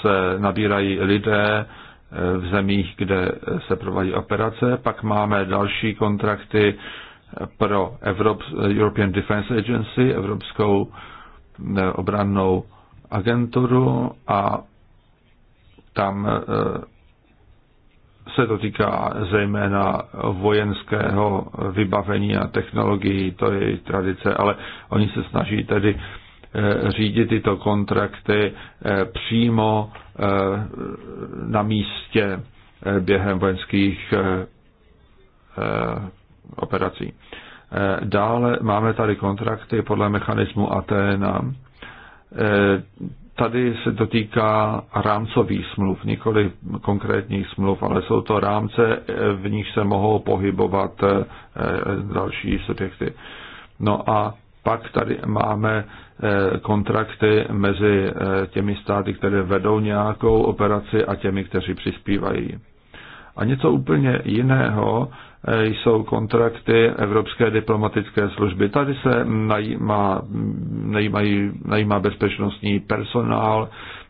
se nabírají lidé, v zemích, kde se provádí operace. Pak máme další kontrakty pro Evrop, European Defense Agency, Evropskou eh, obrannou agenturu a tam eh, se to týká zejména vojenského vybavení a technologií, to je jejich tradice, ale oni se snaží tedy Eh, řídit tyto kontrakty eh, přímo eh, na místě během vojenských operací. Dále máme tady kontrakty podle mechanismu Atena. Tady se dotýká rámcových smluv, nikoli konkrétních smluv, ale jsou to rámce, v nich se mohou pohybovat další subjekty. No a pak tady máme Eh, kontrakty mezi eh, těmi státy, které vedou nějakou operaci a těmi, kteří přispívají. A něco úplně jiného eh, jsou kontrakty Evropské diplomatické služby. Tady se najímá, najímají, najímá bezpečnostní personál,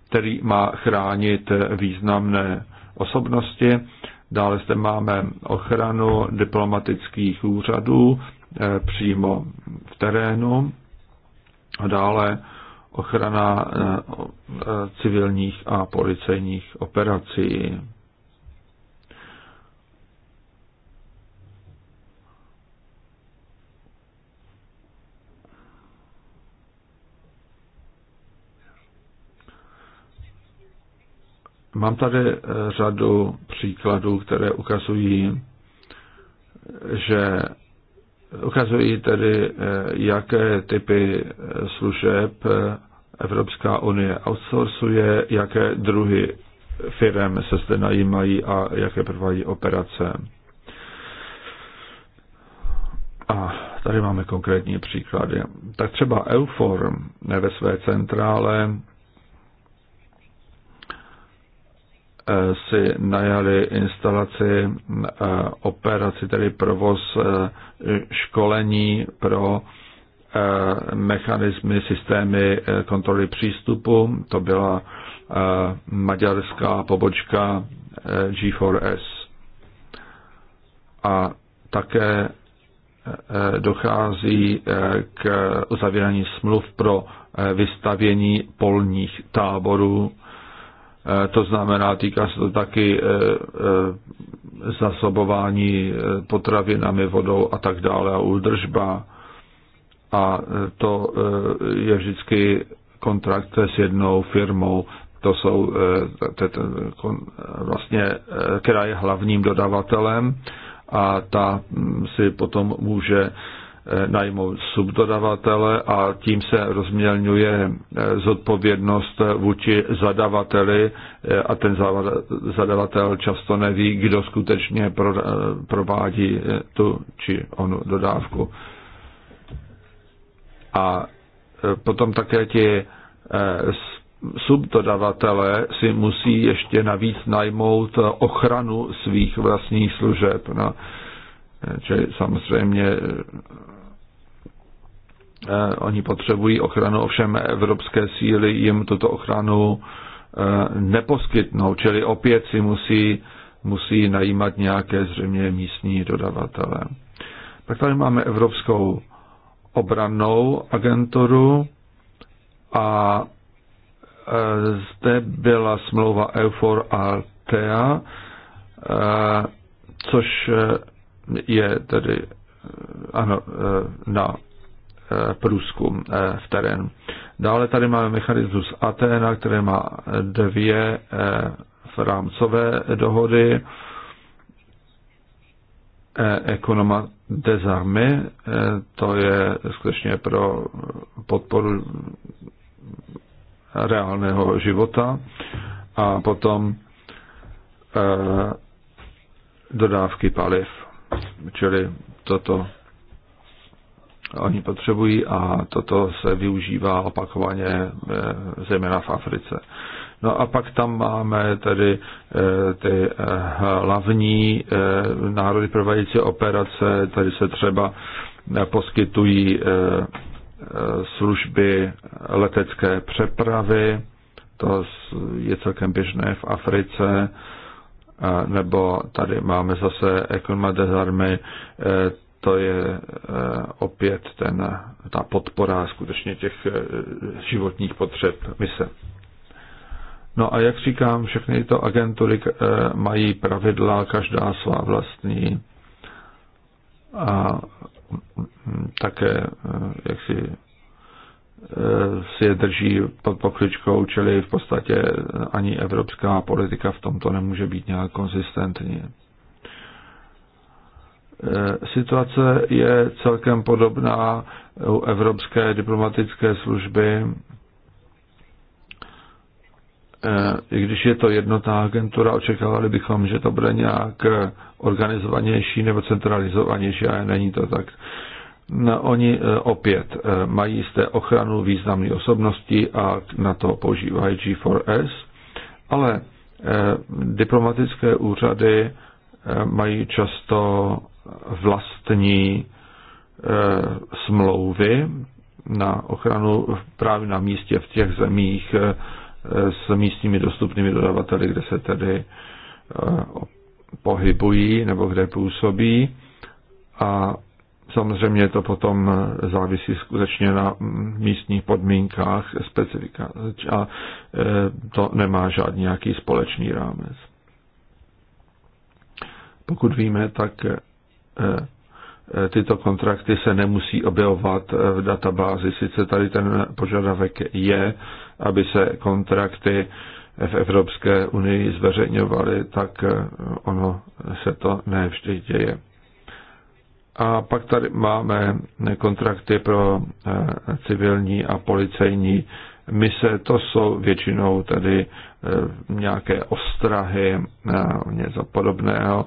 který má chránit významné osobnosti. Dále zde máme ochranu diplomatických úřadů přímo v terénu a dále ochrana eh, eh, civilních a policejních operací. Mám tady eh, řadu příkladů, které ukazují, že Ukazují tedy, eh, jaké typy eh, služeb eh, Evropská unie outsourcuje, jaké druhy firm se zde najímají a jaké provádí operace. A tady máme konkrétní příklady. Tak třeba Euform ve své centrále Eh, si najali instalaci, eh, operaci, tedy provoz eh, školení pro mechanismy, systémy kontroly přístupu. To byla maďarská pobočka G4S. A také dochází k uzavírání smluv pro vystavění polních táborů Eh, to znamená, týká se to taky eh, eh, zasobování potravinami, vodou a tak dále a údržba. A to je vždycky kontrakt s jednou firmou, to jsou, vlastně, která je hlavním dodavatelem a ta mm, si potom může najmout subdodavatele a tím se rozmělňuje eh, zodpovědnost eh, vůči zadavateli eh, a ten zadavatel často neví, kdo skutečně provádí tu či onu dodávku. A potom také ti subdodavatele si musí ještě navíc najmout ochranu svých vlastních služeb. No. Čili samozřejmě Eh, oni potřebují ochranu, ovšem evropské síly jim tuto ochranu eh, neposkytnou, čili opět si musí, musí najímat nějaké zřejmě místní dodavatele. Pak tady máme Evropskou obranou agenturu a eh, zde byla smlouva EUFOR a TEA, což je tedy ano, na průzkum eh, v terénu. Dále tady máme mechanismus Atena, který má dvě eh, rámcové dohody. Ekonoma eh, des to je skutečně pro podporu reálného života a potom dodávky paliv. Čili toto oni potřebují a toto se využívá opakovaně, eh, zejména v Africe. No a pak tam máme tedy eh, ty eh, hlavní národy provádějící operace, tady se třeba poskytují služby letecké přepravy, to je celkem běžné v Africe, nebo tady máme zase Econma des to je eh, opět ten, ta podpora skutečně těch eh, životních potřeb mise. No a jak říkám, všechny tyto agentury eh, mají pravidla, každá svá vlastní a mm, také jak si, si je drží pod pokličkou, čili v podstatě ani evropská politika v tomto nemůže být nějak konzistentní. Eh, situace je celkem podobná u Evropské diplomatické služby, eh, i když je to jednotná agentura, očekávali bychom, že to bude nějak organizovanější nebo centralizovanější, ale není to tak. No, oni eh, opět mají zde ochranu významné osobnosti a na to používají G4S, ale diplomatické úřady mají často vlastní eh, smlouvy na ochranu právě na místě v těch zemích eh, s místními dostupnými dodavateli, kde se tedy eh, pohybují nebo kde působí. A samozřejmě to potom závisí skutečně na místních podmínkách, specifika. A to nemá žádný nějaký společný rámec. Pokud víme, tak Eh, eh, tyto kontrakty se nemusí objevovat eh, v databázi. Sice tady ten požadavek je, aby se kontrakty v Evropské unii zveřejňovaly, tak ono se to nevždy děje. A pak tady máme kontrakty pro civilní a policejní mise. To jsou většinou tedy nějaké ostrahy, něco podobného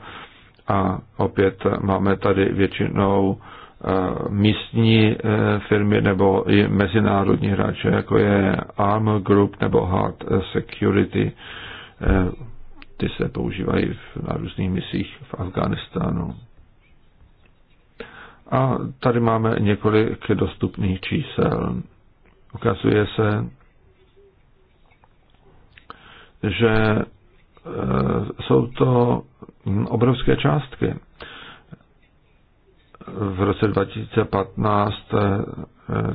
a opět máme tady většinou eh, místní eh, firmy nebo i mezinárodní hráče, jako je Arm Group nebo Hard Security. Eh, ty se používají na různých misích v Afganistánu. A tady máme několik dostupných čísel. Ukazuje se, že jsou to obrovské částky. V roce 2015 eh,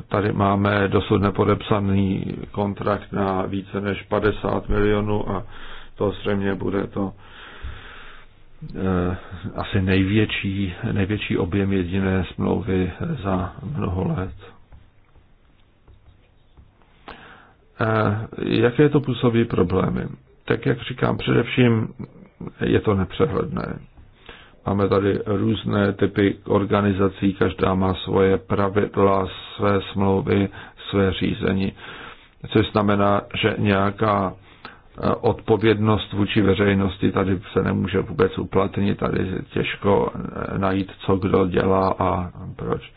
tady máme dosud nepodepsaný kontrakt na více než 50 milionů a to zřejmě bude to eh, asi největší, největší objem jediné smlouvy za mnoho let. Eh, jaké to působí problémy? Tak jak říkám, především je to nepřehledné. Máme tady různé typy organizací, každá má svoje pravidla, své smlouvy, své řízení, což znamená, že nějaká eh, odpovědnost vůči veřejnosti tady se nemůže vůbec uplatnit, tady je těžko eh, najít, co kdo dělá a proč.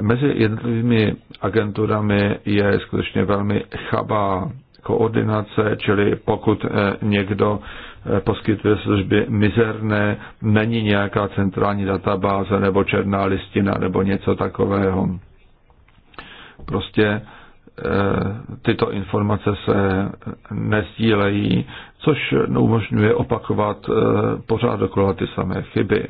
Mezi jednotlivými agenturami je skutečně velmi chabá koordinace, čili pokud eh, někdo Eh, poskytuje služby mizerné, není nějaká centrální databáze nebo černá listina nebo něco takového. Prostě eh, tyto informace se nesdílejí, což umožňuje opakovat eh, pořád dokola ty samé chyby.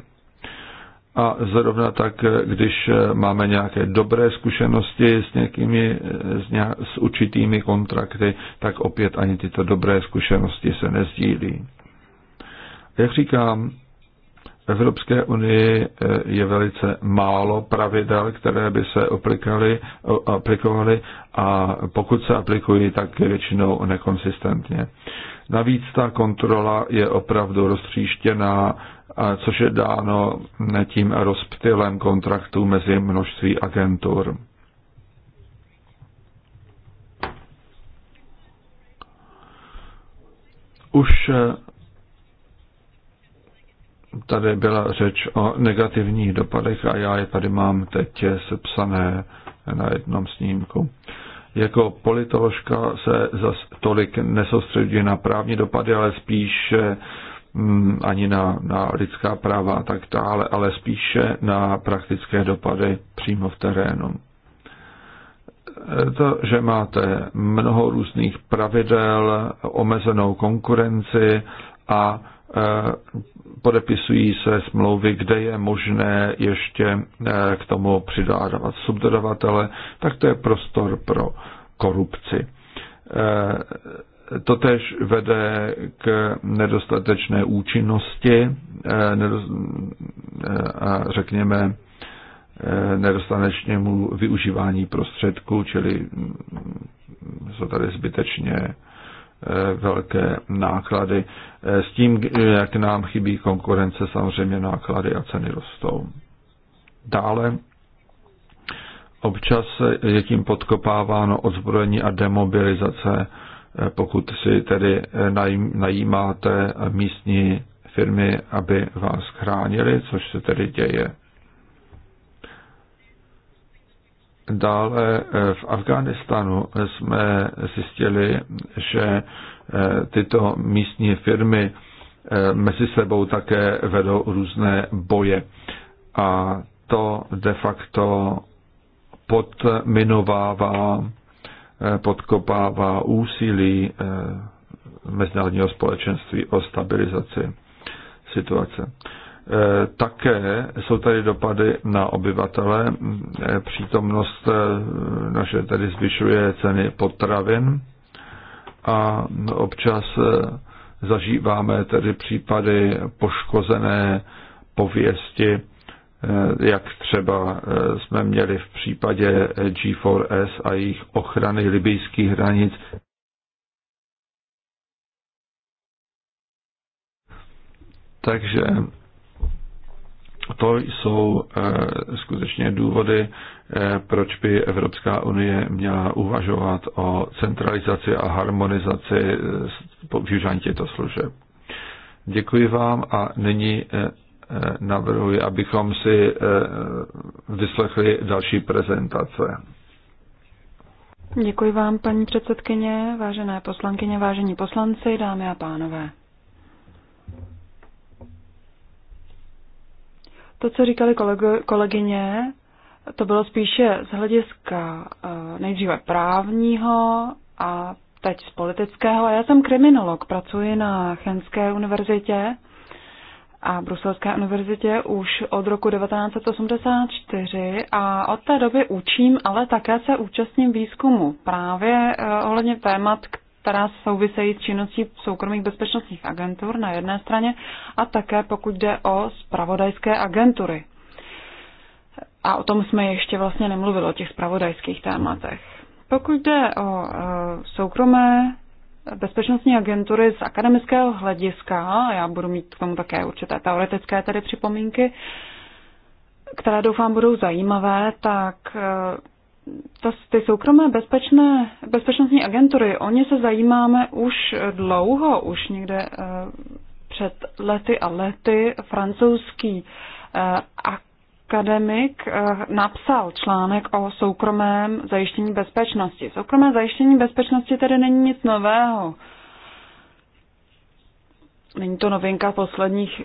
A zrovna tak, když máme nějaké dobré zkušenosti s, někými, s, nějak, s určitými kontrakty, tak opět ani tyto dobré zkušenosti se nezdílí. Jak říkám, v Evropské unii eh, je velice málo pravidel, které by se aplikovaly a pokud se aplikují, tak je většinou nekonsistentně. Navíc ta kontrola je opravdu roztříštěná, což je dáno tím rozptylem kontraktů mezi množství agentur. Už eh, Tady byla řeč o negativních dopadech a já je tady mám teď sepsané na jednom snímku. Jako politoložka se zas tolik nesoustředí na právní dopady, ale spíš mm, ani na, na lidská práva a tak dále, ale spíše na praktické dopady přímo v terénu. To, že máte mnoho různých pravidel, omezenou konkurenci a Eh, podepisují se smlouvy, kde je možné ještě eh, k tomu přidávat subdodavatele, tak to je prostor pro korupci. Eh, to tež vede k nedostatečné účinnosti, a řekněme, nedostatečnému využívání prostředků, čili jsou tady zbytečně velké náklady. Eh, s tím, jak nám chybí konkurence, samozřejmě náklady a ceny rostou. Dále občas je tím podkopáváno odzbrojení a demobilizace, eh, pokud si tedy najímáte místní firmy, aby vás chránili, což se tedy děje. Dále eh, v Afghánistánu jsme zjistili, že eh, tyto místní firmy eh, mezi sebou také vedou různé boje. A to de facto podminovává, podkopává úsilí mezinárodního společenství o stabilizaci situace. Eh, také jsou tady dopady na obyvatele. Eh, přítomnost eh, naše tedy zvyšuje ceny potravin a občas zažíváme tedy případy poškozené pověsti, jak třeba jsme měli v případě G4S a jejich ochrany libijských hranic. Takže to jsou eh, skutečně důvody, eh, proč by Evropská unie měla uvažovat o centralizaci a harmonizaci eh, používání těchto služeb. Děkuji vám a nyní navrhuji, abychom si vyslechli další prezentace. Děkuji vám, paní předsedkyně, vážené poslankyně, vážení poslanci, dámy a pánové. To, co říkali kolego, kolegyně, to bylo spíše z hlediska eh, nejdříve právního a teď z politického. Já jsem kriminolog, pracuji na Chenské univerzitě a Bruselské univerzitě už od roku 1984 a od té doby učím, ale také se účastním výzkumu právě eh, ohledně témat, která souvisejí s činností soukromých bezpečnostních agentur na jedné straně a také pokud jde o spravodajské agentury. A o tom jsme ještě vlastně nemluvili, o těch spravodajských tématech. Pokud jde o e, soukromé bezpečnostní agentury z akademického hlediska, já budu mít k tomu také určité teoretické tady připomínky, které doufám budou zajímavé, tak e, ta, ty soukromé bezpečné, bezpečnostní agentury, o ně se zajímáme už dlouho, už někde eh, před lety a lety francouzský eh, akademik eh, napsal článek o soukromém zajištění bezpečnosti. Soukromé zajištění bezpečnosti tedy není nic nového. Není to novinka posledních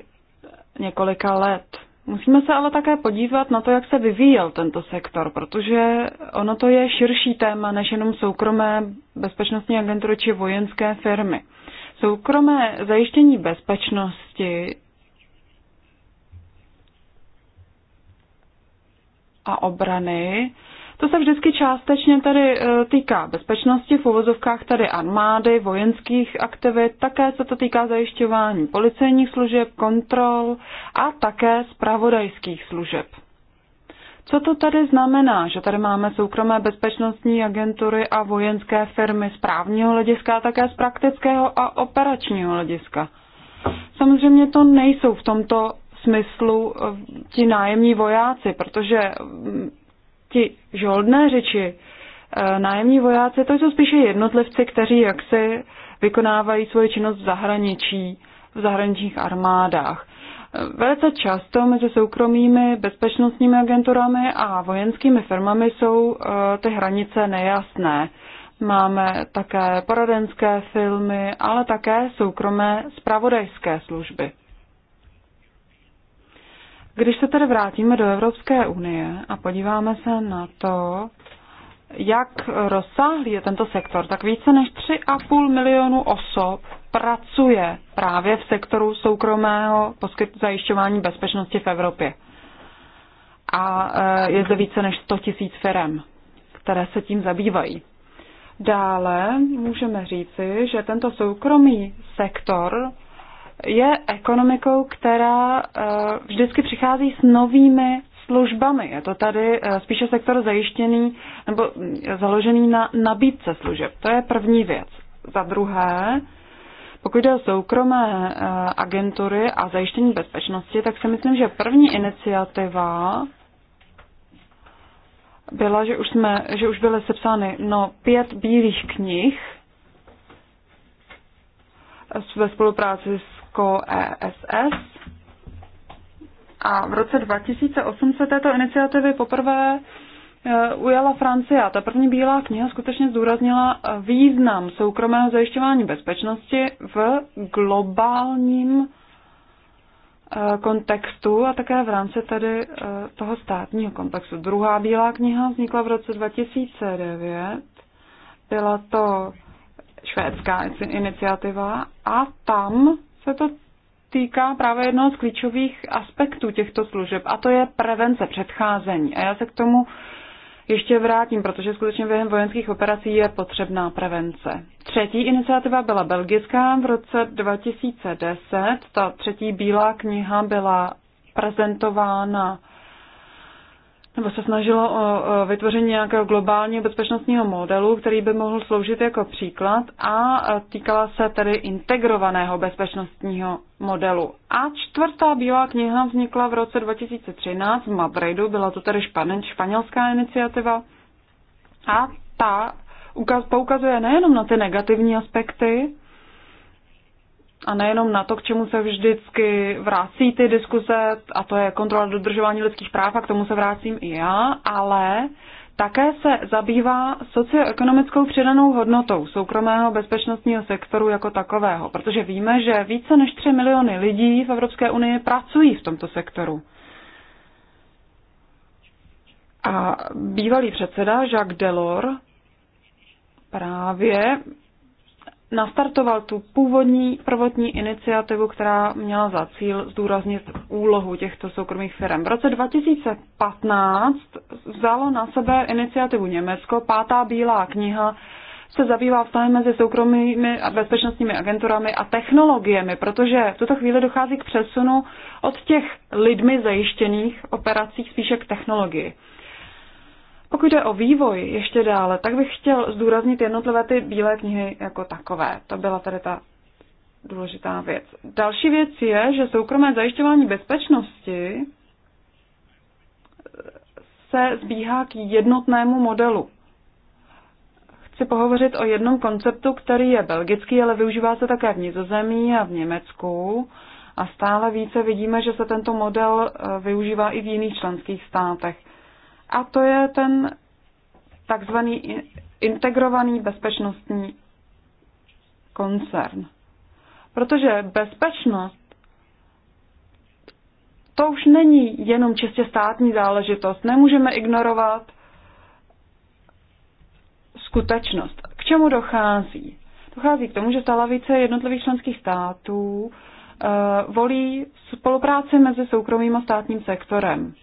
několika let. Musíme se ale také podívat na to, jak se vyvíjel tento sektor, protože ono to je širší téma než jenom soukromé bezpečnostní agentury či vojenské firmy. Soukromé zajištění bezpečnosti a obrany to se vždycky částečně tady eh, týká bezpečnosti, v uvozovkách tady armády, vojenských aktivit, také se to týká zajišťování policejních služeb, kontrol a také zpravodajských služeb. Co to tady znamená, že tady máme soukromé bezpečnostní agentury a vojenské firmy z právního hlediska a také z praktického a operačního hlediska? Samozřejmě to nejsou v tomto smyslu eh, ti nájemní vojáci, protože mm, ti žoldné řeči, e, nájemní vojáci, to jsou spíše jednotlivci, kteří jaksi vykonávají svoji činnost v zahraničí, v zahraničních armádách. E, velice často mezi soukromými bezpečnostními agenturami a vojenskými firmami jsou e, ty hranice nejasné. Máme také poradenské filmy, ale také soukromé spravodajské služby. Když se tedy vrátíme do Evropské unie a podíváme se na to, jak rozsáhlý je tento sektor, tak více než 3,5 milionu osob pracuje právě v sektoru soukromého poskyt zajišťování bezpečnosti v Evropě. A eh, je zde více než 100 tisíc firm, které se tím zabývají. Dále můžeme říci, že tento soukromý sektor je ekonomikou, která eh, vždycky přichází s novými službami. Je to tady eh, spíše sektor zajištěný nebo mm, založený na nabídce služeb. To je první věc. Za druhé, pokud jde o soukromé eh, agentury a zajištění bezpečnosti, tak si myslím, že první iniciativa byla, že už, jsme, že už byly sepsány no, pět bílých knih ve spolupráci s jako ESS. A v roce 2008 se této iniciativy poprvé e, ujala Francie. A ta první bílá kniha skutečně zdůraznila e, význam soukromého zajišťování bezpečnosti v globálním e, kontextu a také v rámci tedy toho státního kontextu. Druhá bílá kniha vznikla v roce 2009. Byla to švédská iniciativa a tam se to týká právě jednoho z klíčových aspektů těchto služeb, a to je prevence, předcházení. A já se k tomu ještě vrátím, protože skutečně během vojenských operací je potřebná prevence. Třetí iniciativa byla belgická v roce 2010. Ta třetí bílá kniha byla prezentována nebo se snažilo o vytvoření nějakého globálního bezpečnostního modelu, který by mohl sloužit jako příklad a týkala se tedy integrovaného bezpečnostního modelu. A čtvrtá bílá kniha vznikla v roce 2013 v Madridu, byla to tedy španělská iniciativa a ta poukazuje nejenom na ty negativní aspekty, a nejenom na to, k čemu se vždycky vrací ty diskuze, a to je kontrola dodržování lidských práv, a k tomu se vracím i já, ale také se zabývá socioekonomickou přidanou hodnotou soukromého bezpečnostního sektoru jako takového, protože víme, že více než 3 miliony lidí v Evropské unii pracují v tomto sektoru. A bývalý předseda Jacques Delors právě nastartoval tu původní prvotní iniciativu, která měla za cíl zdůraznit úlohu těchto soukromých firm. V roce 2015 vzalo na sebe iniciativu Německo. Pátá bílá kniha se zabývá vztahem mezi soukromými a bezpečnostními agenturami a technologiemi, protože v tuto chvíli dochází k přesunu od těch lidmi zajištěných operací spíše k technologii. Pokud jde o vývoj ještě dále, tak bych chtěl zdůraznit jednotlivé ty bílé knihy jako takové. To byla tady ta důležitá věc. Další věc je, že soukromé zajišťování bezpečnosti se zbíhá k jednotnému modelu. Chci pohovořit o jednom konceptu, který je belgický, ale využívá se také v Nizozemí a v Německu. A stále více vidíme, že se tento model e, využívá i v jiných členských státech a to je ten takzvaný integrovaný bezpečnostní koncern. Protože bezpečnost to už není jenom čistě státní záležitost. Nemůžeme ignorovat skutečnost. K čemu dochází? Dochází k tomu, že stále více jednotlivých členských států eh, volí spolupráci mezi soukromým a státním sektorem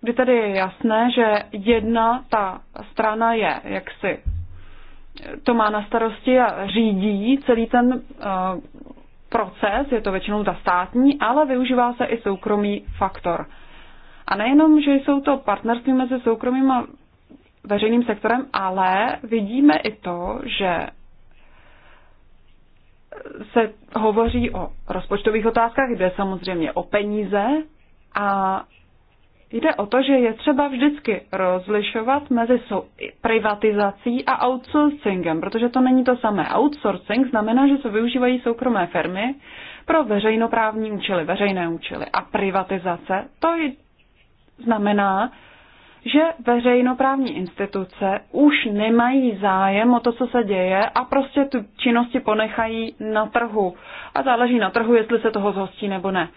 kdy tady je jasné, že jedna ta strana je jak si to má na starosti a řídí celý ten eh, proces, je to většinou ta státní, ale využívá se i soukromý faktor. A nejenom, že jsou to partnerství mezi soukromým a veřejným sektorem, ale vidíme i to, že se hovoří o rozpočtových otázkách, jde samozřejmě o peníze a Jde o to, že je třeba vždycky rozlišovat mezi privatizací a outsourcingem, protože to není to samé. Outsourcing znamená, že se využívají soukromé firmy pro veřejnoprávní účely, veřejné účely. A privatizace to znamená, že veřejnoprávní instituce už nemají zájem o to, co se děje a prostě tu činnosti ponechají na trhu. A záleží na trhu, jestli se toho zhostí nebo ne.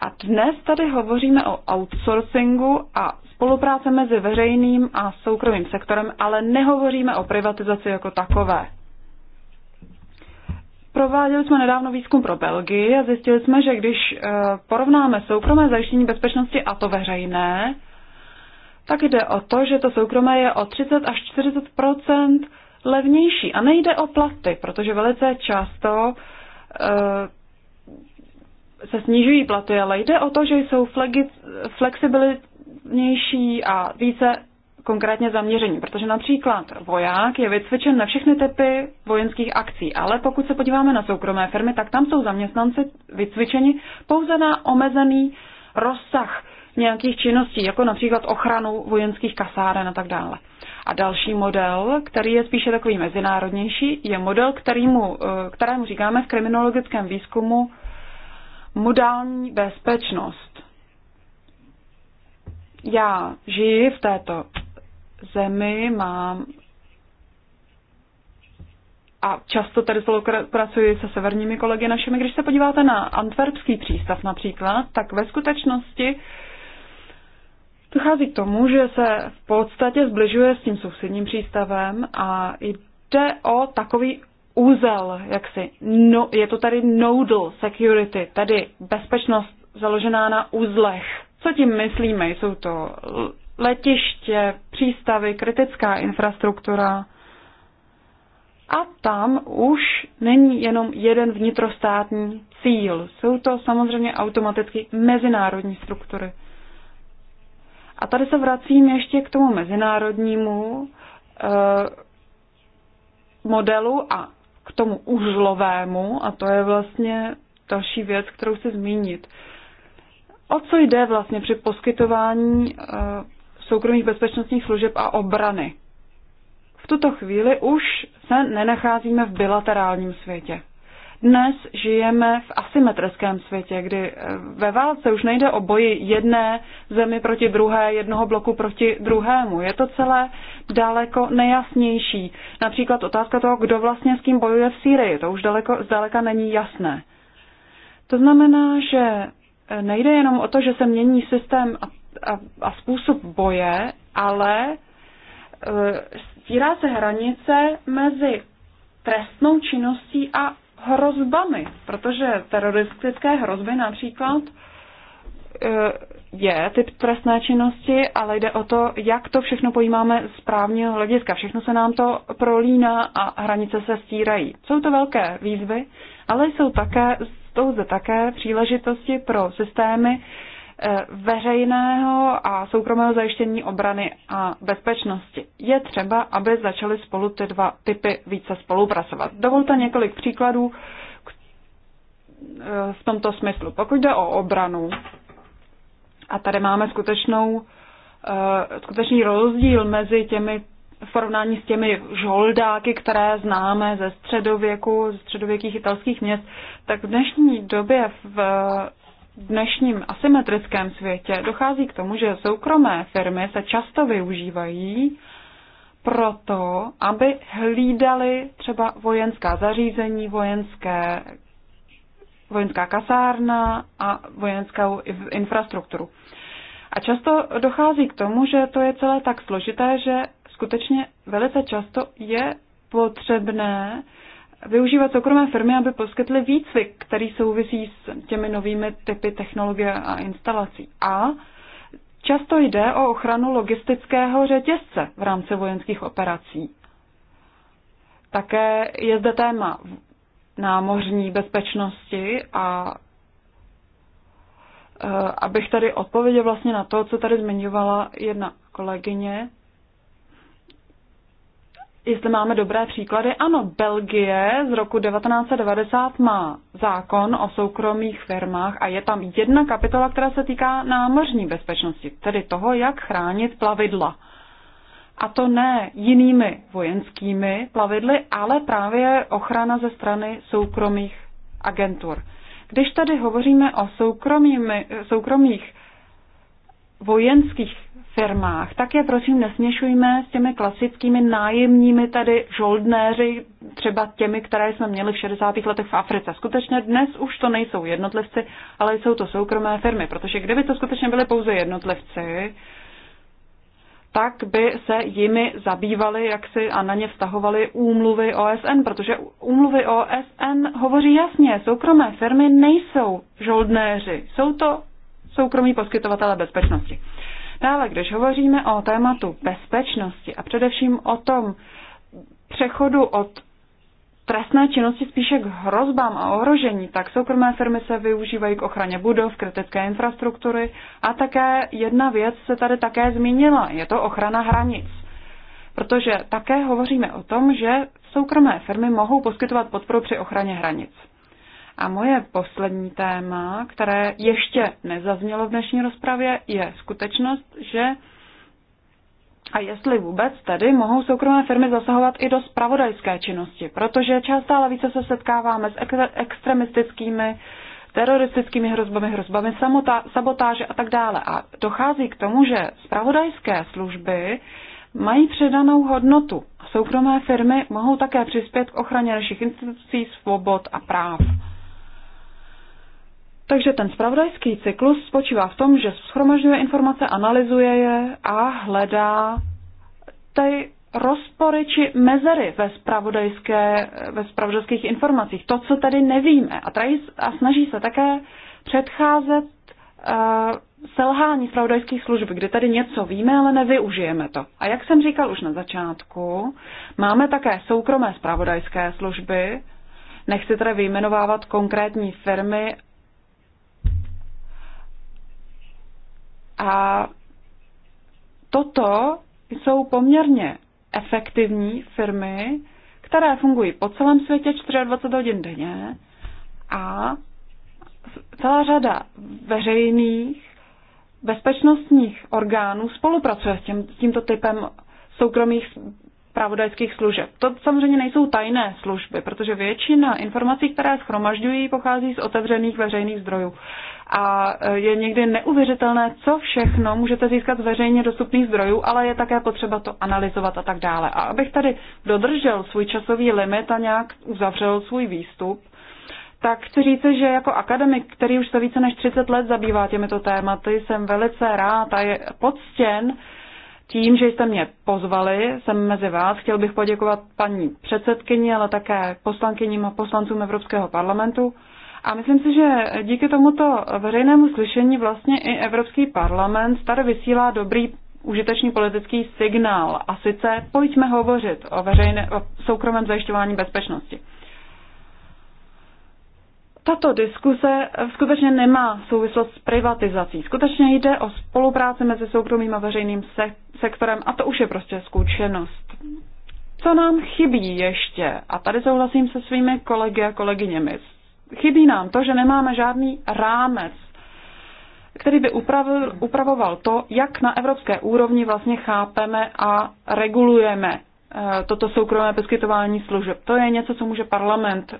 A dnes tady hovoříme o outsourcingu a spolupráce mezi veřejným a soukromým sektorem, ale nehovoříme o privatizaci jako takové. Prováděli jsme nedávno výzkum pro Belgii a zjistili jsme, že když eh, porovnáme soukromé zajištění bezpečnosti a to veřejné, tak jde o to, že to soukromé je o 30 až 40 levnější. A nejde o platy, protože velice často eh, se snižují platy, ale jde o to, že jsou flexibilnější a více konkrétně zaměření, protože například voják je vycvičen na všechny typy vojenských akcí, ale pokud se podíváme na soukromé firmy, tak tam jsou zaměstnanci vycvičeni pouze na omezený rozsah nějakých činností, jako například ochranu vojenských kasáren a tak dále. A další model, který je spíše takový mezinárodnější, je model, kterýmu, eh, kterému říkáme v kriminologickém výzkumu modální bezpečnost. Já žiji v této zemi, mám a často tady spolupracuji se severními kolegy našimi. Když se podíváte na antwerpský přístav například, tak ve skutečnosti dochází k tomu, že se v podstatě zbližuje s tím sousedním přístavem a jde o takový úzel, si, no, je to tady nodal security, tady bezpečnost založená na úzlech. Co tím myslíme? Jsou to letiště, přístavy, kritická infrastruktura. A tam už není jenom jeden vnitrostátní cíl. Jsou to samozřejmě automaticky mezinárodní struktury. A tady se vracím ještě k tomu mezinárodnímu eh, modelu a k tomu užlovému a to je vlastně další věc, kterou chci zmínit. O co jde vlastně při poskytování eh, soukromých bezpečnostních služeb a obrany? V tuto chvíli už se nenacházíme v bilaterálním světě. Dnes žijeme v asymetrickém světě, kdy eh, ve válce už nejde o boji jedné zemi proti druhé, jednoho bloku proti druhému. Je to celé daleko nejasnější. Například otázka toho, kdo vlastně s kým bojuje v Sýrii, to už daleko, zdaleka není jasné. To znamená, že eh, nejde jenom o to, že se mění systém a, a, a způsob boje, ale e, stírá se hranice mezi trestnou činností a hrozbami, protože teroristické hrozby například e, je typ trestné činnosti, ale jde o to, jak to všechno pojímáme z právního hlediska. Všechno se nám to prolíná a hranice se stírají. Jsou to velké výzvy, ale jsou také, jsou zde také příležitosti pro systémy, Eh, veřejného a soukromého zajištění obrany a bezpečnosti. Je třeba, aby začaly spolu ty dva typy více spolupracovat. Dovolte několik příkladů eh, v tomto smyslu. Pokud jde o obranu, a tady máme skutečnou, eh, skutečný rozdíl mezi těmi v porovnání s těmi žoldáky, které známe ze středověku, ze středověkých italských měst, tak v dnešní době v dnešním asymetrickém světě dochází k tomu, že soukromé firmy se často využívají proto, aby hlídali třeba vojenská zařízení, vojenské, vojenská kasárna a vojenskou infrastrukturu. A často dochází k tomu, že to je celé tak složité, že skutečně velice často je potřebné využívat soukromé firmy, aby poskytly výcvik, který souvisí s těmi novými typy technologie a instalací. A často jde o ochranu logistického řetězce v rámci vojenských operací. Také je zde téma námořní bezpečnosti a eh, abych tady odpověděl vlastně na to, co tady zmiňovala jedna kolegyně, jestli máme dobré příklady. Ano, Belgie z roku 1990 má zákon o soukromých firmách a je tam jedna kapitola, která se týká námořní bezpečnosti, tedy toho, jak chránit plavidla. A to ne jinými vojenskými plavidly, ale právě ochrana ze strany soukromých agentur. Když tady hovoříme o soukromých vojenských firmách, tak je prosím nesměšujme s těmi klasickými nájemními tady žoldnéři, třeba těmi, které jsme měli v 60. letech v Africe. Skutečně dnes už to nejsou jednotlivci, ale jsou to soukromé firmy, protože kdyby to skutečně byly pouze jednotlivci, tak by se jimi zabývali jaksi a na ně vztahovali úmluvy OSN, protože úmluvy OSN hovoří jasně, soukromé firmy nejsou žoldnéři, jsou to soukromí poskytovatele bezpečnosti. Dále, když hovoříme o tématu bezpečnosti a především o tom přechodu od trestné činnosti spíše k hrozbám a ohrožení, tak soukromé firmy se využívají k ochraně budov, kritické infrastruktury a také jedna věc se tady také zmínila, je to ochrana hranic. Protože také hovoříme o tom, že soukromé firmy mohou poskytovat podporu při ochraně hranic. A moje poslední téma, které ještě nezaznělo v dnešní rozpravě, je skutečnost, že a jestli vůbec tedy mohou soukromé firmy zasahovat i do spravodajské činnosti, protože část ale více se setkáváme s extremistickými teroristickými hrozbami, hrozbami samota, sabotáže a tak dále. A dochází k tomu, že spravodajské služby mají předanou hodnotu. Soukromé firmy mohou také přispět k ochraně našich institucí, svobod a práv. Takže ten spravodajský cyklus spočívá v tom, že schromažďuje informace, analyzuje je a hledá ty rozpory či mezery ve, spravodajské, ve spravodajských informacích, to, co tady nevíme. A, trají, a snaží se také předcházet uh, selhání spravodajských služb, kde tady něco víme, ale nevyužijeme to. A jak jsem říkal už na začátku, máme také soukromé spravodajské služby, nechci tedy vyjmenovávat konkrétní firmy A toto jsou poměrně efektivní firmy, které fungují po celém světě 24 hodin denně a celá řada veřejných bezpečnostních orgánů spolupracuje s, tím, s tímto typem soukromých pravodajských služeb. To samozřejmě nejsou tajné služby, protože většina informací, které schromažďují, pochází z otevřených veřejných zdrojů. A e, je někdy neuvěřitelné, co všechno můžete získat z veřejně dostupných zdrojů, ale je také potřeba to analyzovat a tak dále. A abych tady dodržel svůj časový limit a nějak uzavřel svůj výstup, tak chci říct, že jako akademik, který už se více než 30 let zabývá těmito tématy, jsem velice rád a je poctěn, tím, že jste mě pozvali, jsem mezi vás. Chtěl bych poděkovat paní předsedkyni, ale také poslankyním a poslancům Evropského parlamentu. A myslím si, že díky tomuto veřejnému slyšení vlastně i Evropský parlament tady vysílá dobrý užitečný politický signál. A sice pojďme hovořit o, veřejné, o soukromém zajišťování bezpečnosti tato diskuse skutečně nemá souvislost s privatizací. Skutečně jde o spolupráci mezi soukromým a veřejným se- sektorem a to už je prostě zkušenost. Co nám chybí ještě, a tady souhlasím se svými kolegy a kolegyněmi, chybí nám to, že nemáme žádný rámec, který by upravil, upravoval to, jak na evropské úrovni vlastně chápeme a regulujeme eh, toto soukromé poskytování služeb. To je něco, co může parlament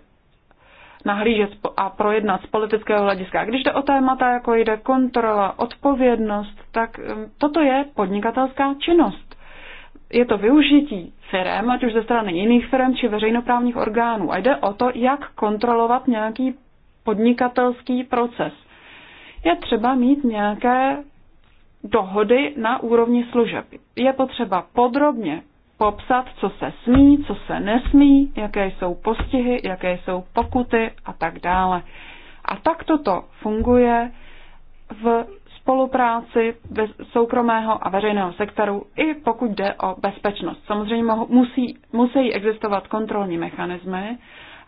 nahlížet a projednat z politického hlediska. A když jde o témata, jako jde kontrola, odpovědnost, tak toto je podnikatelská činnost. Je to využití firm, ať už ze strany jiných firm či veřejnoprávních orgánů. A jde o to, jak kontrolovat nějaký podnikatelský proces. Je třeba mít nějaké dohody na úrovni služeb. Je potřeba podrobně popsat, co se smí, co se nesmí, jaké jsou postihy, jaké jsou pokuty a tak dále. A tak toto funguje v spolupráci soukromého a veřejného sektoru, i pokud jde o bezpečnost. Samozřejmě musí, musí existovat kontrolní mechanismy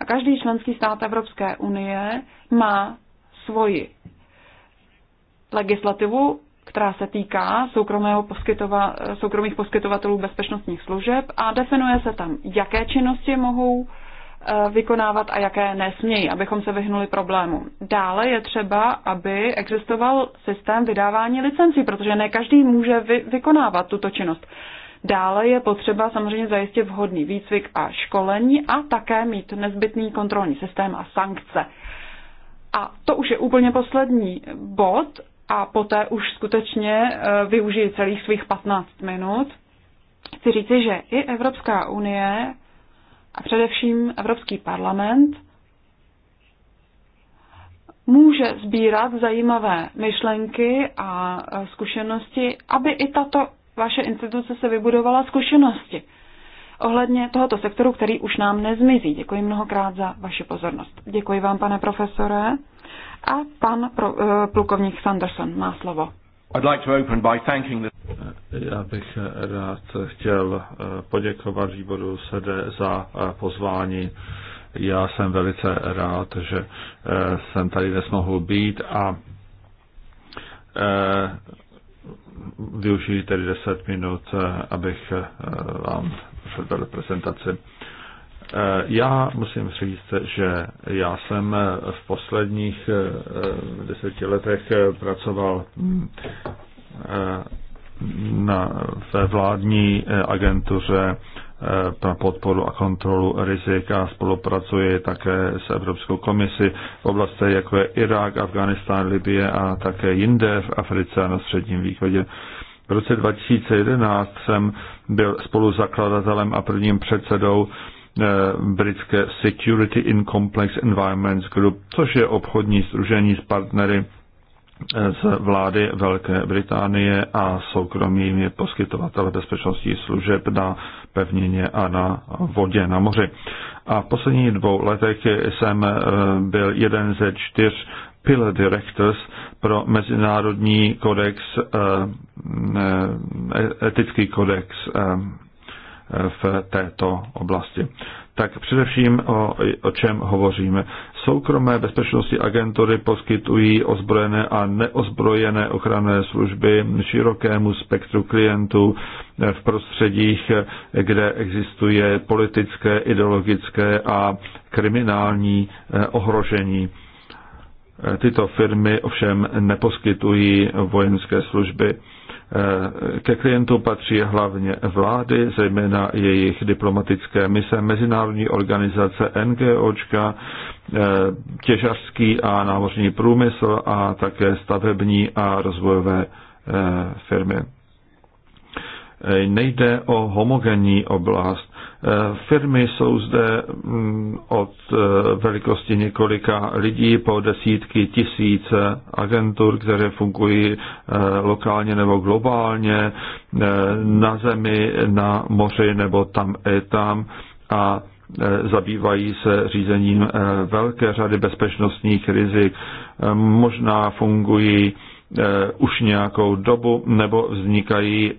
a každý členský stát Evropské unie má svoji legislativu která se týká soukromého poskytova, soukromých poskytovatelů bezpečnostních služeb a definuje se tam, jaké činnosti mohou eh, vykonávat a jaké nesmějí, abychom se vyhnuli problému. Dále je třeba, aby existoval systém vydávání licencí, protože ne každý může vy, vykonávat tuto činnost. Dále je potřeba samozřejmě zajistit vhodný výcvik a školení a také mít nezbytný kontrolní systém a sankce. A to už je úplně poslední bod a poté už skutečně eh, využiji celých svých 15 minut. Chci říci, že i Evropská unie a především Evropský parlament může sbírat zajímavé myšlenky a eh, zkušenosti, aby i tato vaše instituce se vybudovala zkušenosti ohledně tohoto sektoru, který už nám nezmizí. Děkuji mnohokrát za vaši pozornost. Děkuji vám, pane profesore. A pan pro, uh, plukovník Sanderson má slovo. I'd like to open by thanking the... Já bych rád chtěl eh, poděkovat výboru SEDE za eh, pozvání. Já jsem velice rád, že jsem tady dnes mohl být a využiji tedy 10 minut, abych vám předvedl prezentaci. Eh, já musím říct, že já jsem v posledních eh, deseti letech eh, pracoval hm, na, ve vládní agentuře pro podporu a kontrolu rizika a spolupracuje také s Evropskou komisi v oblastech jako je Irák, Afganistán, Libie a také jinde v Africe a na Středním východě. V roce 2011 jsem byl spoluzakladatelem a prvním předsedou eh, Eh, britské Security in Complex Environments Group, což je obchodní združení s partnery eh, z vlády Velké Británie a soukromými poskytovateli bezpečnostních služeb na pevnině a na vodě na moři. A v posledních dvou letech jsem eh, byl jeden ze čtyř Pillar Directors pro Mezinárodní kodex, etický kodex v této oblasti. Tak především, o, o čem hovoříme. Soukromé bezpečnostní agentury poskytují ozbrojené a neozbrojené ochranné služby širokému spektru klientů v prostředích, kde existuje politické, ideologické a kriminální eh, ohrožení. Eh, tyto firmy ovšem neposkytují vojenské služby Eh, ke klientům patří hlavně vlády, zejména jejich diplomatické mise, mezinárodní organizace NGOčka, eh, těžařský a námořní průmysl a také stavební a rozvojové eh, firmy. Nejde o homogenní oblast. Eh, firmy jsou zde mm, od eh, velikosti několika lidí po desítky tisíce agentur, které fungují eh, lokálně nebo globálně, na zemi, na moři nebo tam i e, tam a zabývají se řízením velké řady bezpečnostních rizik. Možná fungují už nějakou dobu nebo vznikají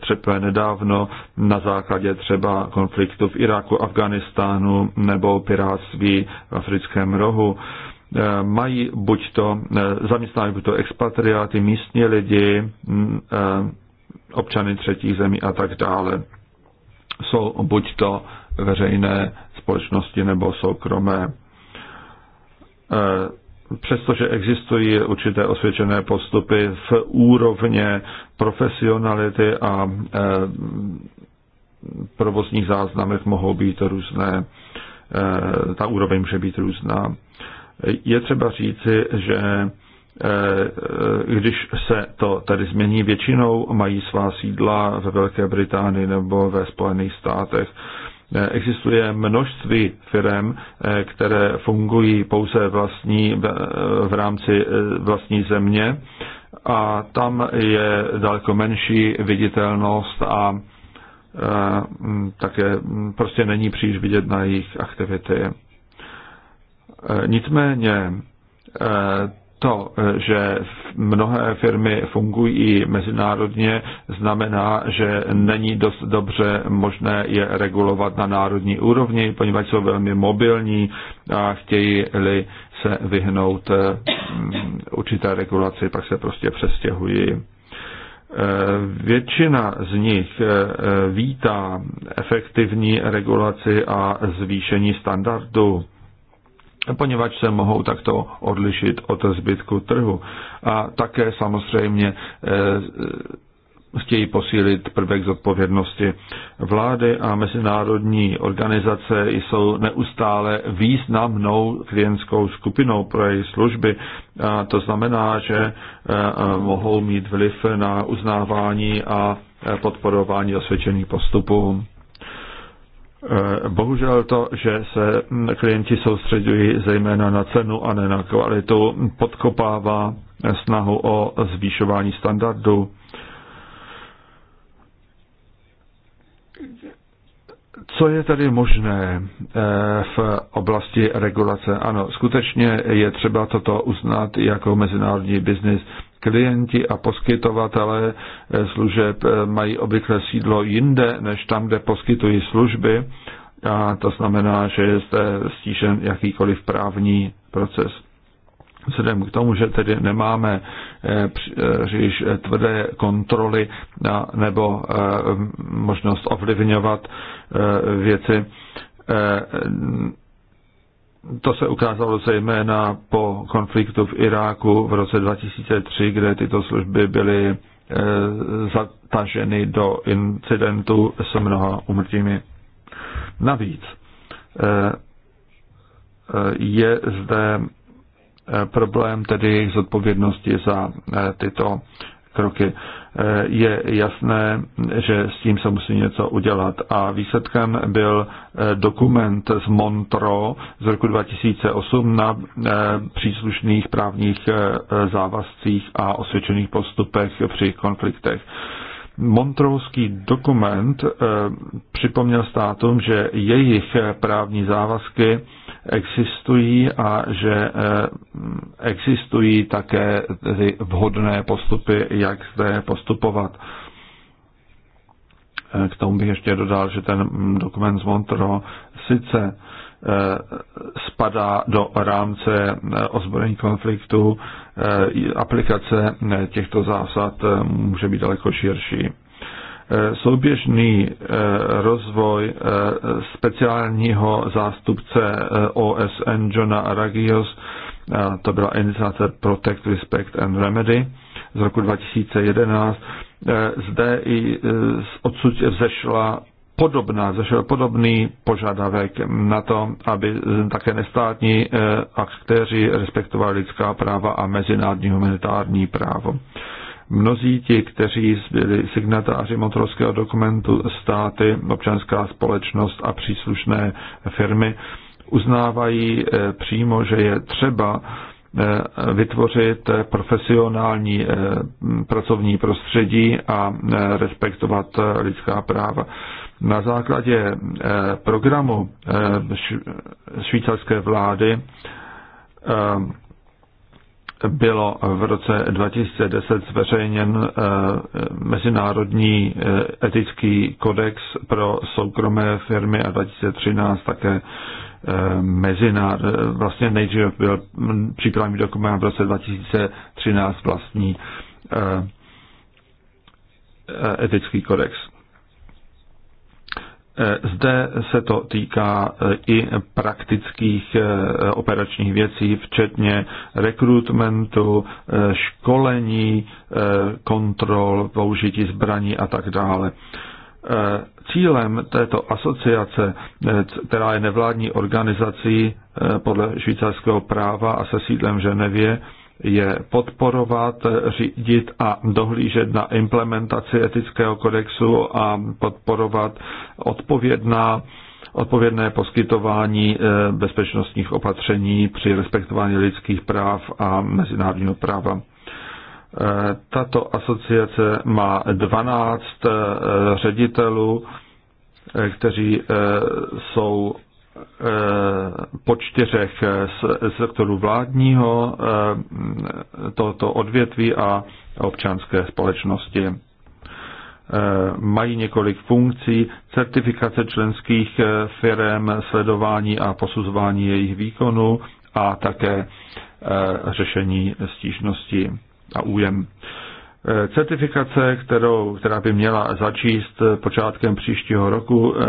třeba nedávno na základě třeba konfliktu v Iráku, Afganistánu nebo piráctví v africkém rohu. Eh, mají buď to eh, zaměstnání, buď to expatriáty, místní lidi, mm, eh, občany třetích zemí a tak dále. Jsou buď to veřejné společnosti nebo soukromé přestože existují určité osvědčené postupy v úrovně profesionality a e, provozních záznamech mohou být různé, e, ta úroveň může být různá. Je třeba říci, že e, když se to tady změní, většinou mají svá sídla ve Velké Británii nebo ve Spojených státech. Eh, existuje množství firm, eh, které fungují pouze vlastní, v eh, rámci vlastní země a tam je daleko menší viditelnost a také prostě není příliš vidět na jejich aktivity. Nicméně to, že mnohé firmy fungují mezinárodně, znamená, že není dost dobře možné je regulovat na národní úrovni, poněvadž jsou velmi mobilní a chtějí-li se vyhnout mm, určité regulaci, pak se prostě přestěhují. E, většina z nich e, vítá efektivní regulaci a zvýšení standardu poněvadž se mohou takto odlišit od zbytku trhu. A také samozřejmě eh, chtějí posílit prvek zodpovědnosti. Vlády a mezinárodní organizace jsou neustále významnou klientskou skupinou pro její služby. A to znamená, že eh, mohou mít vliv na uznávání a eh, podporování osvědčených postupů. Eh, bohužel to, že se klienti soustředují zejména na cenu a ne na kvalitu, podkopává snahu o zvýšování standardu. Co je tedy možné eh, v oblasti regulace? Ano, skutečně je třeba toto uznat jako mezinárodní biznis. Klienti a poskytovatelé eh, služeb eh, mají obvykle sídlo jinde, než tam, kde poskytují služby, a to znamená, že je zde stížen jakýkoliv právní proces. Vzhledem k tomu, že tedy nemáme eh, příliš tvrdé kontroly nebo možnost ovlivňovat věci, to se ukázalo zejména po konfliktu v Iráku v roce 2003, kde tyto služby byly eh, zataženy do incidentu s mnoha umrtími. Navíc eh, eh, je zde problém tedy jejich zodpovědnosti za tyto kroky. Eh, je jasné, že s tím se musí něco udělat. A výsledkem byl eh, dokument z Montro z roku 2008 na eh, příslušných právních závazcích a osvědčených postupech při konfliktech. Montrouský dokument eh, připomněl státům, že jejich právní závazky existují a že eh, existují také ty vhodné postupy, jak zde postupovat. Eh, k tomu bych ještě dodal, že ten dokument z Montreux sice Eh, spadá do rámce eh, ozbrojení konfliktu. Eh, aplikace těchto zásad může být daleko širší. Souběžný rozvoj speciálního zástupce OSN Johna Aragios, to byla iniciace Protect, Respect and Remedy z roku 2011, zde i odsud vzešla podobná, zašel podobný požadavek na to, aby také nestátní eh, aktéři respektovali lidská práva a mezinárodní humanitární právo. Mnozí ti, kteří byli signatáři Montrovského dokumentu, státy, občanská společnost a příslušné firmy, uznávají eh, přímo, že je třeba eh, vytvořit profesionální pracovní prostředí a respektovat lidská práva na základě eh, programu eh, švýcarské vlády eh, bylo v roce 2010 zveřejněn Mezinárodní etický kodex pro soukromé firmy a 2013 také mezinár, vlastně nejdříve byl přípravný dokument v roce 2013 vlastní etický kodex. Zde se to týká e, i praktických e, operačních věcí, včetně rekrutmentu, e, školení, kontrol, použití zbraní a tak dále. Cílem této asociace, která je nevládní organizací podle švýcarského práva a se sídlem v Ženevě, je podporovat, řídit a dohlížet na implementaci etického kodexu a podporovat odpovědná, odpovědné poskytování eh, bezpečnostních opatření při respektování lidských práv a mezinárodního práva. Eh, tato asociace má 12 eh, ředitelů, kteří jsou Eh, po čtyřech sektorů vládního eh, tohoto odvětví a občanské společnosti. Eh, mají několik funkcí, certifikace členských firm, sledování a posuzování jejich výkonu a také řešení stížností a újem. Eh, certifikace, kterou, která by měla začíst počátkem příštího roku, eh,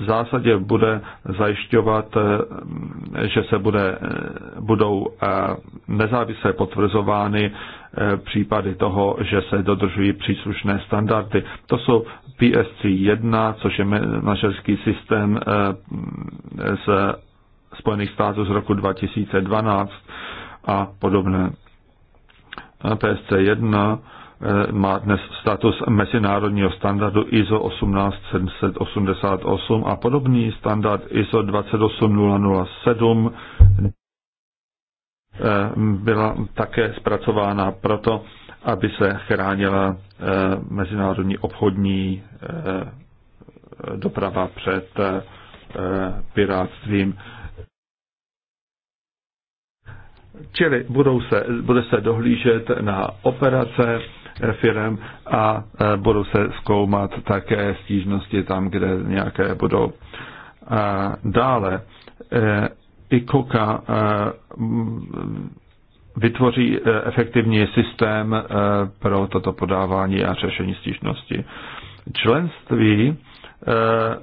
v zásadě bude zajišťovat, eh, že se bude, budou nezávisle potvrzovány případy toho, že se dodržují příslušné standardy. To jsou PSC1, což je manažerský systém z Spojených států z roku 2012 a podobné. PSC1 Eh, má dnes status mezinárodního standardu ISO 18788 a podobný standard ISO 28007 eh, byla také zpracována proto, aby se chránila eh, mezinárodní obchodní doprava před pirátstvím. Čili budou se, bude se dohlížet na operace firm a e, budou se zkoumat také stížnosti tam, kde nějaké budou. A e, dále e, ICOCA vytvoří efektivní systém pro toto podávání a řešení stížnosti. Členství Eh,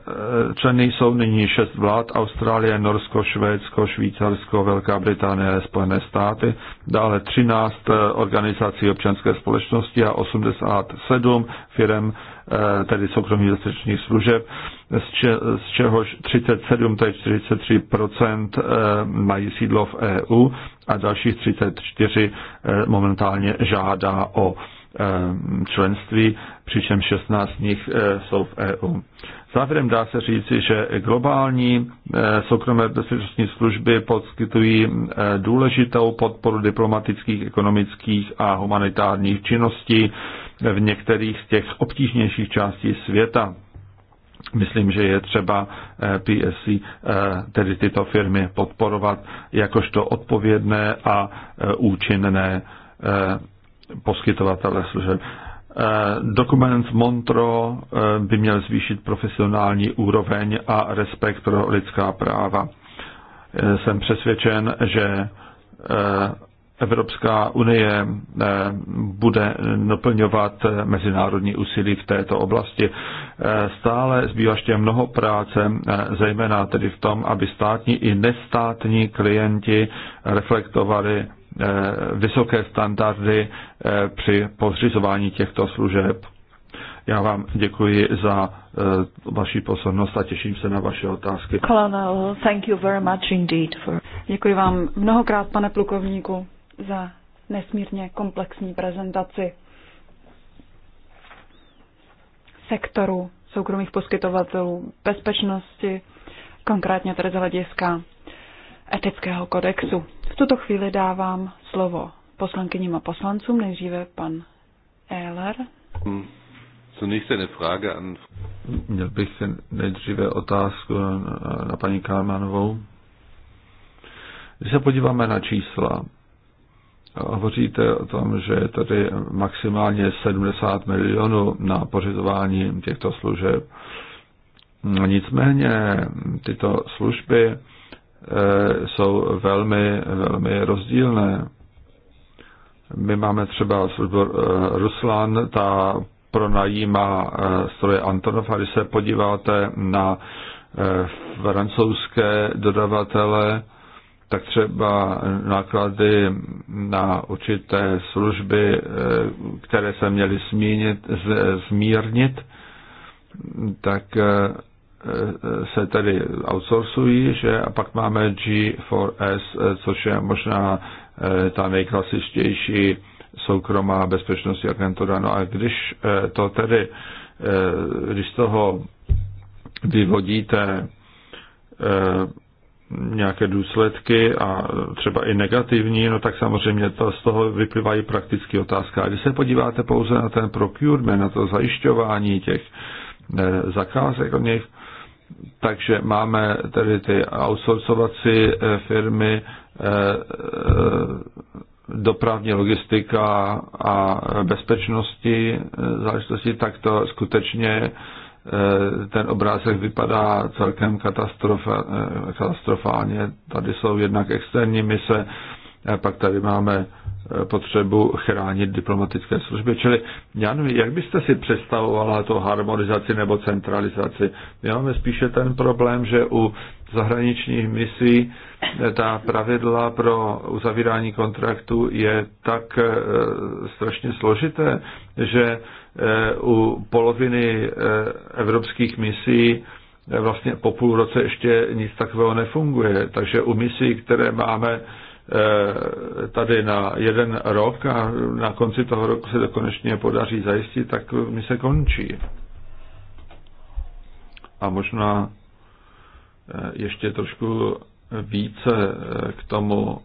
členy jsou nyní šest vlád, Austrálie, Norsko, Švédsko, Švýcarsko, Velká Británie, Spojené státy, dále 13 eh, organizací občanské společnosti a 87 firm, eh, tedy soukromých dostatečných služeb, z čehož 37, tedy 43% mají sídlo v EU a dalších 34 momentálně žádá o členství přičem 16 z nich eh, jsou v EU. Závěrem dá se říci, že globální eh, soukromé bezpečnostní služby poskytují eh, důležitou podporu diplomatických, ekonomických a humanitárních činností v některých z těch obtížnějších částí světa. Myslím, že je třeba PSC, tedy tyto firmy, podporovat jakožto odpovědné a účinné poskytovatele služeb. Eh, dokument Montro eh, by měl zvýšit profesionální úroveň a respekt pro lidská práva. Eh, jsem přesvědčen, že Evropská unie bude naplňovat mezinárodní úsilí v této oblasti. Stále zbývá ještě mnoho práce, zejména tedy v tom, aby státní i nestátní klienti reflektovali Eh, vysoké standardy eh, při pořizování těchto služeb. Já vám děkuji za eh, vaši pozornost a těším se na vaše otázky. Colonel, thank you very much indeed for... Děkuji vám mnohokrát, pane plukovníku, za nesmírně komplexní prezentaci sektoru soukromých poskytovatelů bezpečnosti, konkrétně tedy z hlediska etického kodexu tuto chvíli dávám slovo poslankyním a poslancům, nejdříve pan Ehler. Mm. Měl bych se nejdříve otázku na paní Kalmanovou. Když se podíváme na čísla, hovoříte o tom, že je tady maximálně 70 milionů na pořizování těchto služeb. No, nicméně tyto služby Eh, jsou velmi, velmi rozdílné. My máme třeba službu eh, Ruslan, ta pronajímá eh, stroje Antonov a když se podíváte na francouzské dodavatele, tak třeba náklady na určité služby, které se měly zmínit, zmírnit, tak se tedy outsourcují, že a pak máme G4S, což je možná eh, ta nejklasičtější soukromá bezpečnostní agentura. No a když eh, to tedy, eh, když z toho vyvodíte nějaké důsledky a třeba i negativní, no tak samozřejmě to z toho vyplývají prakticky otázka. A když se podíváte pouze na ten procurement, na to zajišťování těch zakázek od nich, takže máme tedy ty outsourcovací eh, firmy, eh, eh, dopravní logistika a bezpečnosti záležitosti, tak to skutečně ten obrázek vypadá celkem katastrofálně. Tady jsou jednak externí mise, pak tady máme potřebu chránit diplomatické služby. Čili, já nevím, jak byste si představovala to harmonizaci nebo centralizaci? My máme spíše ten problém, že u zahraničních misí ta pravidla pro uzavírání kontraktu je tak eh, strašně složité, že eh, u poloviny eh, evropských misí vlastně po půl roce ještě nic takového nefunguje. Takže u misí, které máme Eh, tady na jeden rok a na konci toho roku se to konečně podaří zajistit, tak mi se končí. A možná eh, ještě trošku více eh, k tomu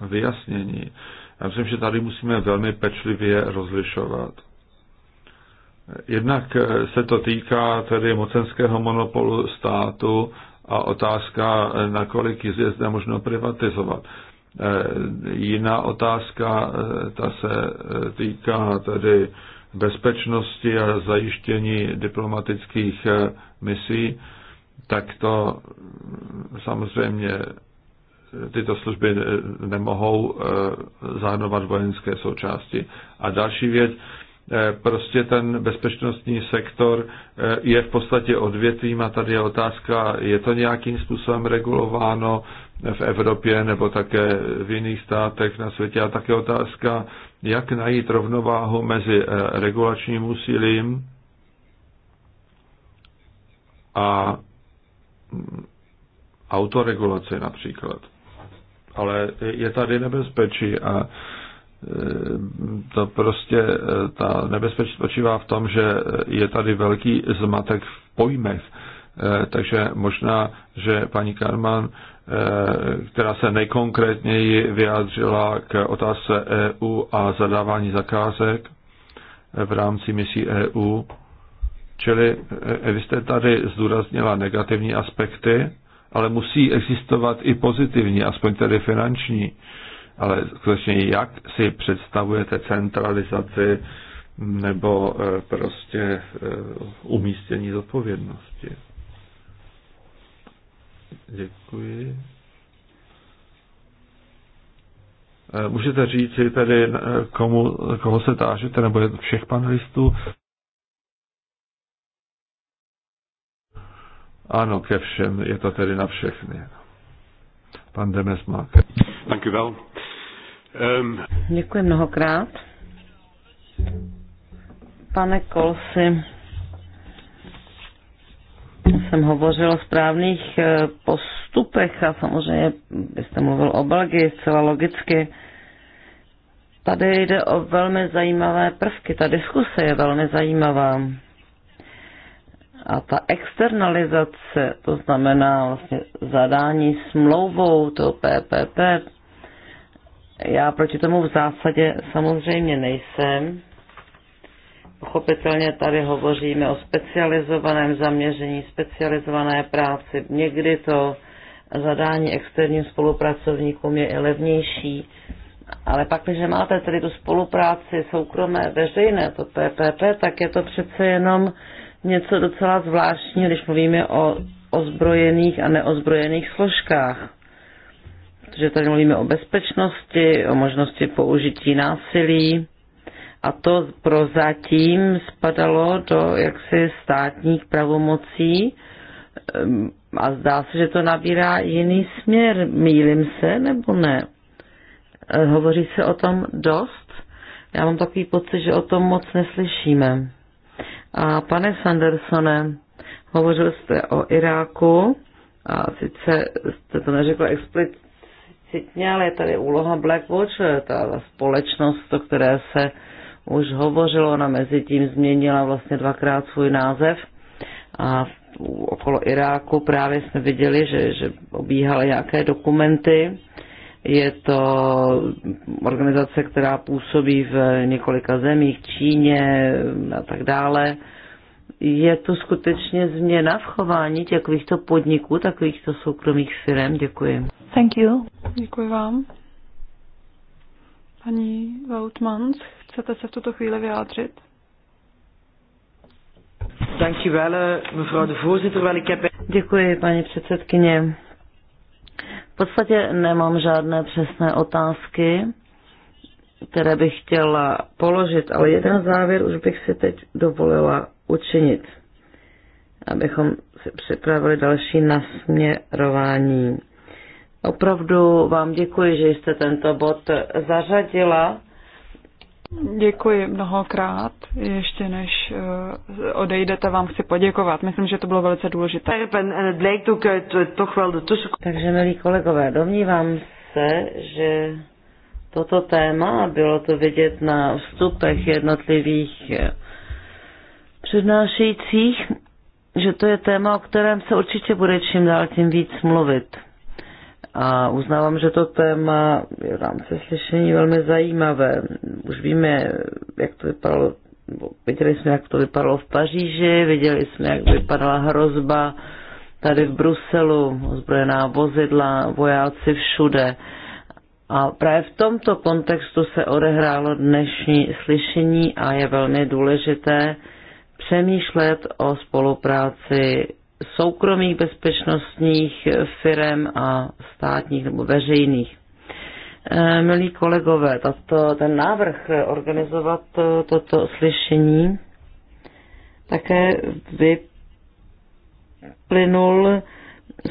vyjasnění. Já myslím, že tady musíme velmi pečlivě rozlišovat. Jednak se to týká tedy mocenského monopolu státu a otázka, nakolik je zde možno privatizovat. Eh, jiná otázka, eh, ta se eh, týká tedy bezpečnosti a zajištění diplomatických misí, tak to mm, samozřejmě tyto služby nemohou zahrnovat vojenské součásti. A další věc, Eh, prostě ten bezpečnostní sektor eh, je v podstatě odvětvím a tady je otázka, je to nějakým způsobem regulováno v Evropě nebo také v jiných státech na světě a také otázka, jak najít rovnováhu mezi eh, regulačním úsilím a hm, autoregulaci například. Ale je tady nebezpečí a Eh, to prostě eh, ta nebezpečí spočívá v tom, že eh, je tady velký zmatek v pojmech. Takže možná, že paní Karman, která se nejkonkrétněji vyjádřila k otázce EU a zadávání zakázek v rámci misí EU, čili vy jste tady zdůraznila negativní aspekty, ale musí existovat i pozitivní, aspoň tedy finanční ale skutečně jak si představujete centralizaci nebo eh, prostě eh, umístění zodpovědnosti. Děkuji. Eh, můžete říci tedy, komu, koho se tážete, nebo je všech panelistů? Ano, ke všem, je to tedy na všechny. Pan Demesmak. Dank u wel. Um... Děkuji mnohokrát. Pane Kolsi, jsem hovořil o správných eh, postupech a samozřejmě byste mluvil o Belgii zcela logicky. Tady jde o velmi zajímavé prvky, ta diskuse je velmi zajímavá. A ta externalizace, to znamená vlastně zadání smlouvou toho PPP, já proti tomu v zásadě samozřejmě nejsem. Pochopitelně tady hovoříme o specializovaném zaměření, specializované práci. Někdy to zadání externím spolupracovníkům je i levnější, ale pak, když máte tedy tu spolupráci soukromé, veřejné, to PPP, tak je to přece jenom něco docela zvláštního, když mluvíme o ozbrojených a neozbrojených složkách protože tady mluvíme o bezpečnosti, o možnosti použití násilí a to prozatím spadalo do jaksi státních pravomocí ehm, a zdá se, že to nabírá jiný směr. Mýlím se nebo ne? Ehm, hovoří se o tom dost? Já mám takový pocit, že o tom moc neslyšíme. A pane Sandersone, hovořil jste o Iráku a sice jste to neřekl explicitně, explicitně, ale je tady úloha Black Watch, ta společnost, o které se už hovořilo, ona mezi tím změnila vlastně dvakrát svůj název a okolo Iráku právě jsme viděli, že, že obíhaly nějaké dokumenty. Je to organizace, která působí v několika zemích, Číně a tak dále je to skutečně změna v chování těchto podniků, takovýchto soukromých firm. Děkuji. Thank you. Děkuji vám. Paní Vautmans, chcete se v tuto chvíli vyjádřit? Děkuji, paní předsedkyně. V podstatě nemám žádné přesné otázky, které bych chtěla položit, ale jeden závěr už bych si teď dovolila učinit, abychom si připravili další nasměrování. Opravdu vám děkuji, že jste tento bod zařadila. Děkuji mnohokrát. Ještě než eh, odejdete, vám chci poděkovat. Myslím, že to bylo velice důležité. Takže, milí kolegové, domnívám se, že toto téma, bylo to vidět na vstupech jednotlivých eh, přednášejících, že to je téma, o kterém se určitě bude čím dál tím víc mluvit. A uznávám, že to téma je v rámci slyšení velmi zajímavé. Už víme, jak to vypadalo, viděli jsme, jak to vypadalo v Paříži, viděli jsme, jak vypadala hrozba tady v Bruselu, ozbrojená vozidla, vojáci všude. A právě v tomto kontextu se odehrálo dnešní slyšení a je velmi důležité, přemýšlet o spolupráci soukromých bezpečnostních firm a státních nebo veřejných. Eh, milí kolegové, tato, ten návrh organizovat eh, toto slyšení také vyplynul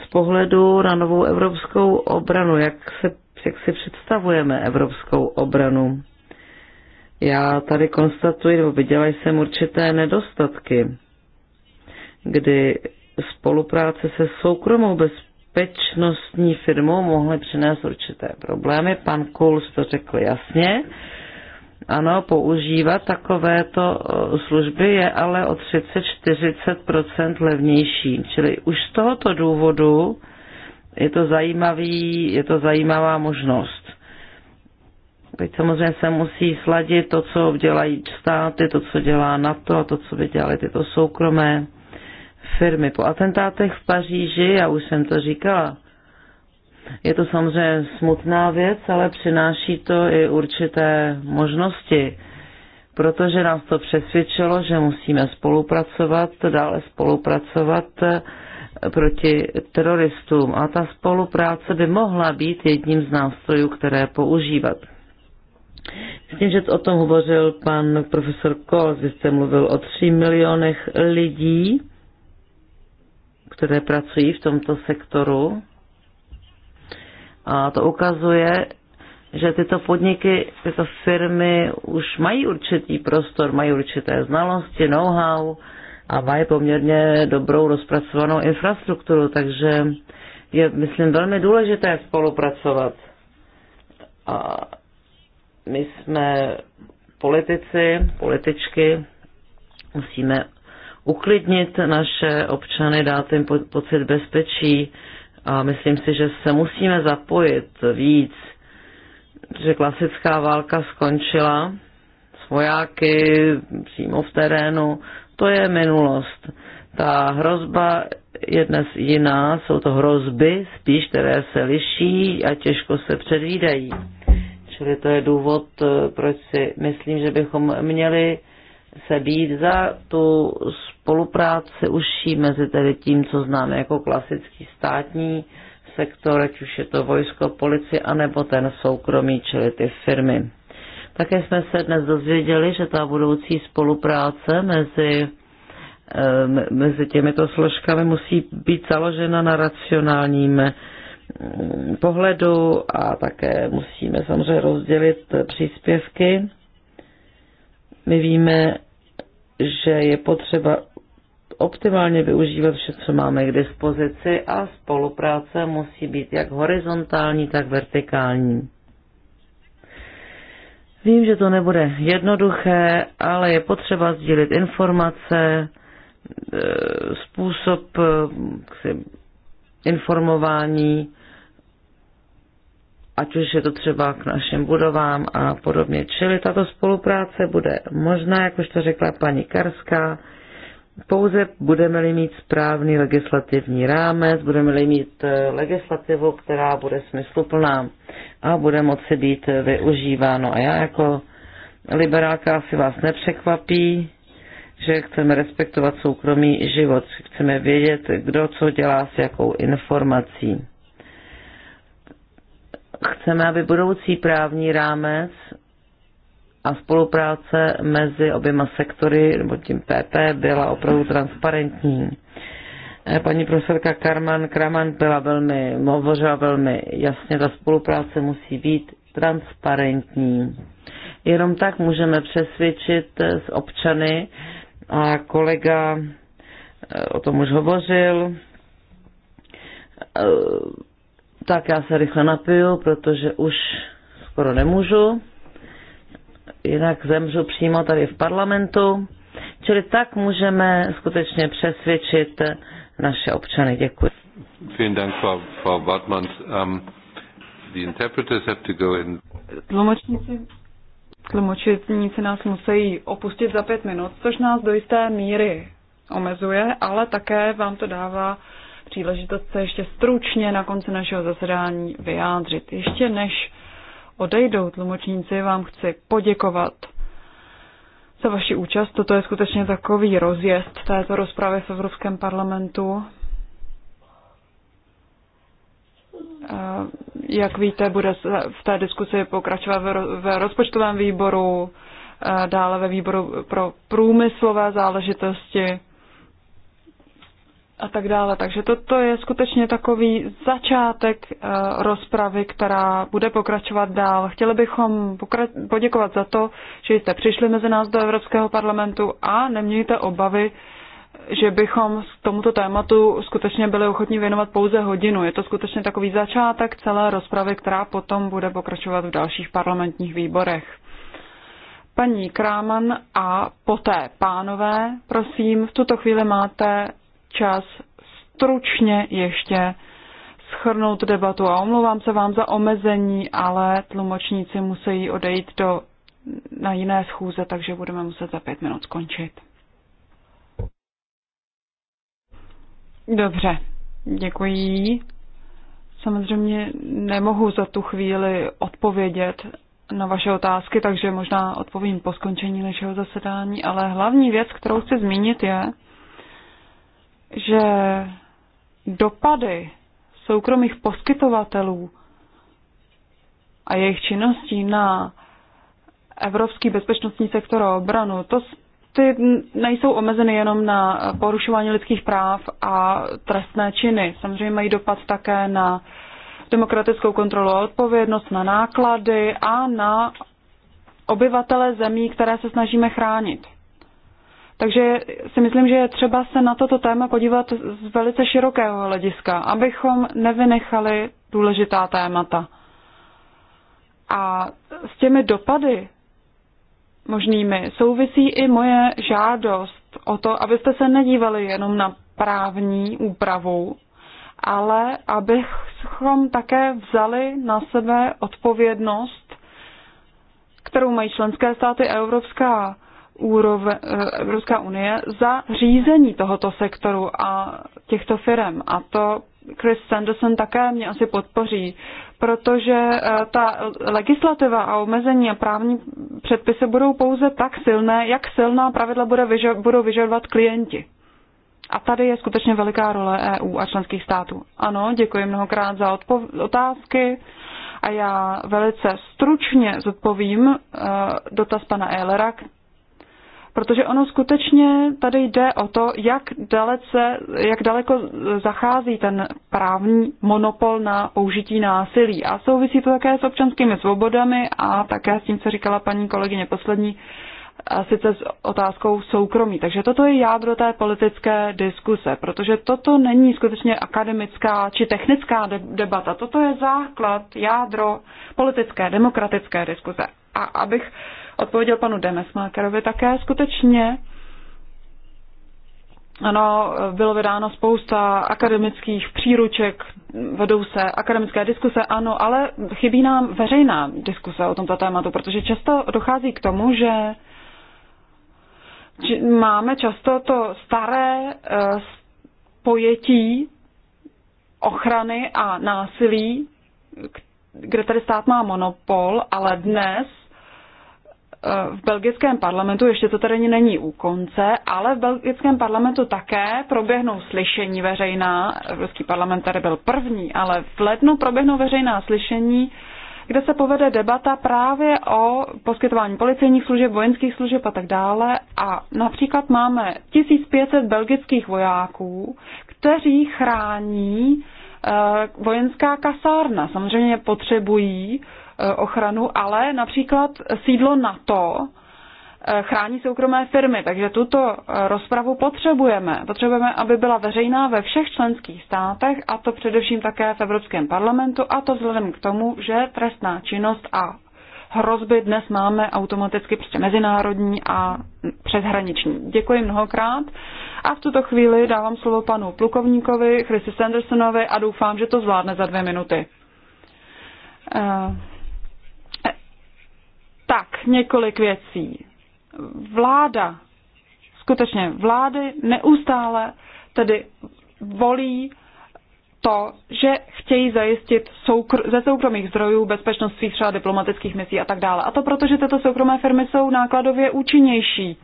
z pohledu na novou evropskou obranu, jak, se, jak si představujeme evropskou obranu. Já tady konstatuji, nebo viděla jsem určité nedostatky, kdy spolupráce se soukromou bezpečnostní firmou mohly přinést určité problémy. Pan Kuls to řekl jasně. Ano, používat takovéto eh, služby je ale o 30-40 levnější. Čili už z tohoto důvodu je to, zajímavý, je to zajímavá možnost. Teď samozřejmě se musí sladit to, co dělají státy, to, co dělá NATO a to, co by dělali tyto soukromé firmy. Po atentátech v Paříži, já už jsem to říkala, je to samozřejmě smutná věc, ale přináší to i určité možnosti, protože nás to přesvědčilo, že musíme spolupracovat, dále spolupracovat eh, proti teroristům a ta spolupráce by mohla být jedním z nástrojů, které používat. Myslím, že o tom hovořil pan profesor Kohl, vy jste mluvil o 3 milionech lidí, které pracují v tomto sektoru. A to ukazuje, že tyto podniky, tyto firmy už mají určitý prostor, mají určité znalosti, know-how a mají poměrně dobrou rozpracovanou infrastrukturu, takže je, myslím, velmi důležité spolupracovat. A my jsme politici, političky, musíme uklidnit naše občany, dát jim pocit bezpečí a myslím si, že se musíme zapojit víc, že klasická válka skončila s vojáky přímo v terénu, to je minulost. Ta hrozba je dnes jiná, jsou to hrozby spíš, které se liší a těžko se předvídají. Čili to je důvod, eh, proč si myslím, že bychom měli se být za tu spolupráci užší mezi tedy tím, co známe jako klasický státní sektor, ať už je to vojsko, policie, anebo ten soukromý, čili ty firmy. Také jsme se dnes dozvěděli, že ta budoucí spolupráce mezi, eh, mezi těmito složkami musí být založena na racionálním Eh, pohledu a také musíme samozřejmě rozdělit příspěvky. My víme, že je potřeba optimálně využívat vše, co máme k dispozici a spolupráce musí být jak horizontální, tak vertikální. Vím, že to nebude jednoduché, ale je potřeba sdílit informace, eh, způsob eh, informování, ať už je to třeba k našim budovám a podobně. Čili tato spolupráce bude možná, jak už to řekla paní Karská, pouze budeme-li mít správný legislativní rámec, budeme-li mít eh, legislativu, která bude smysluplná a bude moci být eh, využíváno. A já jako liberálka asi vás nepřekvapí, že chceme respektovat soukromý život, chceme vědět, kdo co dělá s jakou informací. Chceme, aby budoucí právní rámec a spolupráce mezi oběma sektory, nebo tím PP, byla opravdu transparentní. Eh, paní profesorka Karman Kraman byla velmi, hovořila velmi jasně, ta spolupráce musí být transparentní. Jenom tak můžeme přesvědčit z eh, občany a kolega eh, o tom už hovořil, tak já se rychle napiju, protože už skoro nemůžu. Jinak zemřu přímo tady v parlamentu. Čili tak můžeme skutečně přesvědčit naše občany. Děkuji. Vielen Dank, Frau, Frau Wartmanns. Um, ähm, the interpreters have to go in. Tlumočníci, tlumočníci nás musí opustit za pět minut, což nás do jisté míry omezuje, ale také vám to dává příležitost se ještě stručně na konci našeho zasedání vyjádřit. Ještě než odejdou tlumočníci, vám chci poděkovat za vaši účast. Toto je skutečně takový rozjezd této rozpravy v Evropském parlamentu. Eh, jak víte, bude v té diskusi pokračovat ve rozpočtovém výboru, eh, dále ve výboru pro průmyslové záležitosti a tak dále. Takže toto je skutečně takový začátek eh, rozpravy, která bude pokračovat dál. Chtěli bychom poděkovat za to, že jste přišli mezi nás do Evropského parlamentu a nemějte obavy, že bychom tomuto tématu skutečně byli ochotní věnovat pouze hodinu. Je to skutečně takový začátek celé rozpravy, která potom bude pokračovat v dalších parlamentních výborech. Paní Kráman a poté pánové, prosím, v tuto chvíli máte čas stručně ještě schrnout debatu a omlouvám se vám za omezení, ale tlumočníci musí odejít do, na jiné schůze, takže budeme muset za pět minut skončit. Dobře, děkuji. Samozřejmě nemohu za tu chvíli odpovědět na vaše otázky, takže možná odpovím po skončení našeho zasedání, ale hlavní věc, kterou chci zmínit je, že dopady soukromých poskytovatelů a jejich činností na evropský bezpečnostní sektor a obranu, to ty nejsou omezeny jenom na porušování lidských práv a trestné činy. Samozřejmě mají dopad také na demokratickou kontrolu a odpovědnost, na náklady a na obyvatele zemí, které se snažíme chránit. Takže si myslím, že je třeba se na toto téma podívat z velice širokého hlediska, abychom nevynechali důležitá témata. A s těmi dopady možnými souvisí i moje žádost o to, abyste se nedívali jenom na právní úpravu, ale abychom také vzali na sebe odpovědnost, kterou mají členské státy Evropská úrove, eh, Evropská unie za řízení tohoto sektoru a těchto firm. A to Chris Sanderson také mě asi podpoří, protože eh, ta legislativa a omezení a právní předpisy budou pouze tak silné, jak silná pravidla bude vyžo- budou vyžadovat klienti. A tady je skutečně veliká role EU a členských států. Ano, děkuji mnohokrát za otázky a já velice stručně zodpovím uh, dotaz pana Ehlera, Protože ono skutečně tady jde o to, jak, dalece, jak daleko zachází ten právní monopol na použití násilí. A souvisí to také s občanskými svobodami a také s tím, co říkala paní kolegyně poslední, a sice s otázkou soukromí. Takže toto je jádro té politické diskuse, protože toto není skutečně akademická či technická debata. Toto je základ, jádro politické, demokratické diskuse. A abych odpověděl panu Demesmakerovi také, skutečně ano, bylo vydáno spousta akademických příruček, vedou se akademické diskuse, ano, ale chybí nám veřejná diskuse o tomto tématu, protože často dochází k tomu, že máme často to staré eh, pojetí ochrany a násilí, kde tady stát má monopol, ale dnes eh, v belgickém parlamentu, ještě to tady není u konce, ale v belgickém parlamentu také proběhnou slyšení veřejná, Evropský parlament tady byl první, ale v lednu proběhnou veřejná slyšení kde se povede debata právě o poskytování policejních služeb, vojenských služeb a tak dále. A například máme 1500 belgických vojáků, kteří chrání eh, vojenská kasárna. Samozřejmě potřebují eh, ochranu, ale například sídlo NATO Eh, chrání soukromé firmy, takže tuto eh, rozpravu potřebujeme. Potřebujeme, aby byla veřejná ve všech členských státech, a to především také v Evropském parlamentu, a to vzhledem k tomu, že trestná činnost a hrozby dnes máme automaticky prostě mezinárodní a přeshraniční. Děkuji mnohokrát a v tuto chvíli dávám slovo panu plukovníkovi Chrisi Sandersonovi a doufám, že to zvládne za dvě minuty. Uh, tak, několik věcí vláda, skutečně vlády neustále tedy volí to, že chtějí zajistit soukr- ze soukromých zdrojů bezpečnost svých třeba diplomatických misí a tak dále. A to proto, že tyto soukromé firmy jsou nákladově účinnější,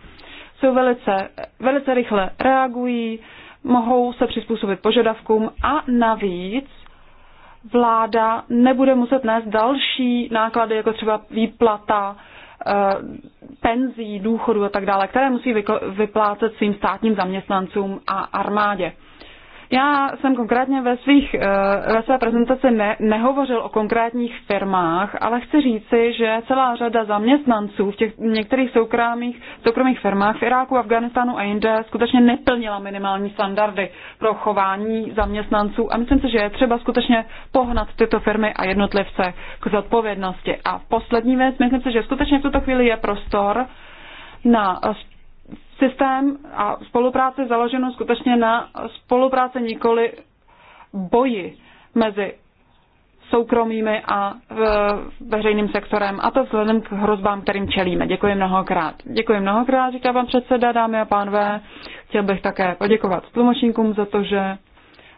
jsou velice, velice rychle reagují, mohou se přizpůsobit požadavkům a navíc vláda nebude muset nést další náklady, jako třeba výplata Eh, penzí, důchodu a tak dále, které musí vyplácet svým státním zaměstnancům a armádě. Já jsem konkrétně ve, svých, eh, ve své prezentaci ne, nehovořil o konkrétních firmách, ale chci říci, že celá řada zaměstnanců v těch některých soukromých, soukromých firmách v Iráku, Afganistánu a jinde skutečně neplnila minimální standardy pro chování zaměstnanců a myslím si, že je třeba skutečně pohnat tyto firmy a jednotlivce k zodpovědnosti. A poslední věc, myslím si, že skutečně v tuto chvíli je prostor na systém a spolupráce založenou skutečně na spolupráce nikoli boji mezi soukromými a e, veřejným sektorem, a to vzhledem k hrozbám, kterým čelíme. Děkuji mnohokrát. Děkuji mnohokrát, říká pan předseda, dámy a pánové. Chtěl bych také poděkovat tlumočníkům za to, že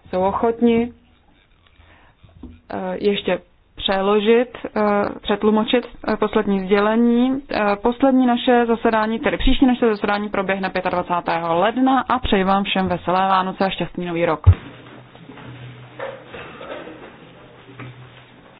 jsou ochotni e, ještě přeložit, eh, přetlumočit eh, poslední sdělení. Eh, poslední naše zasedání, tedy příští naše zasedání proběhne 25. ledna a přeji vám všem veselé Vánoce a šťastný nový rok.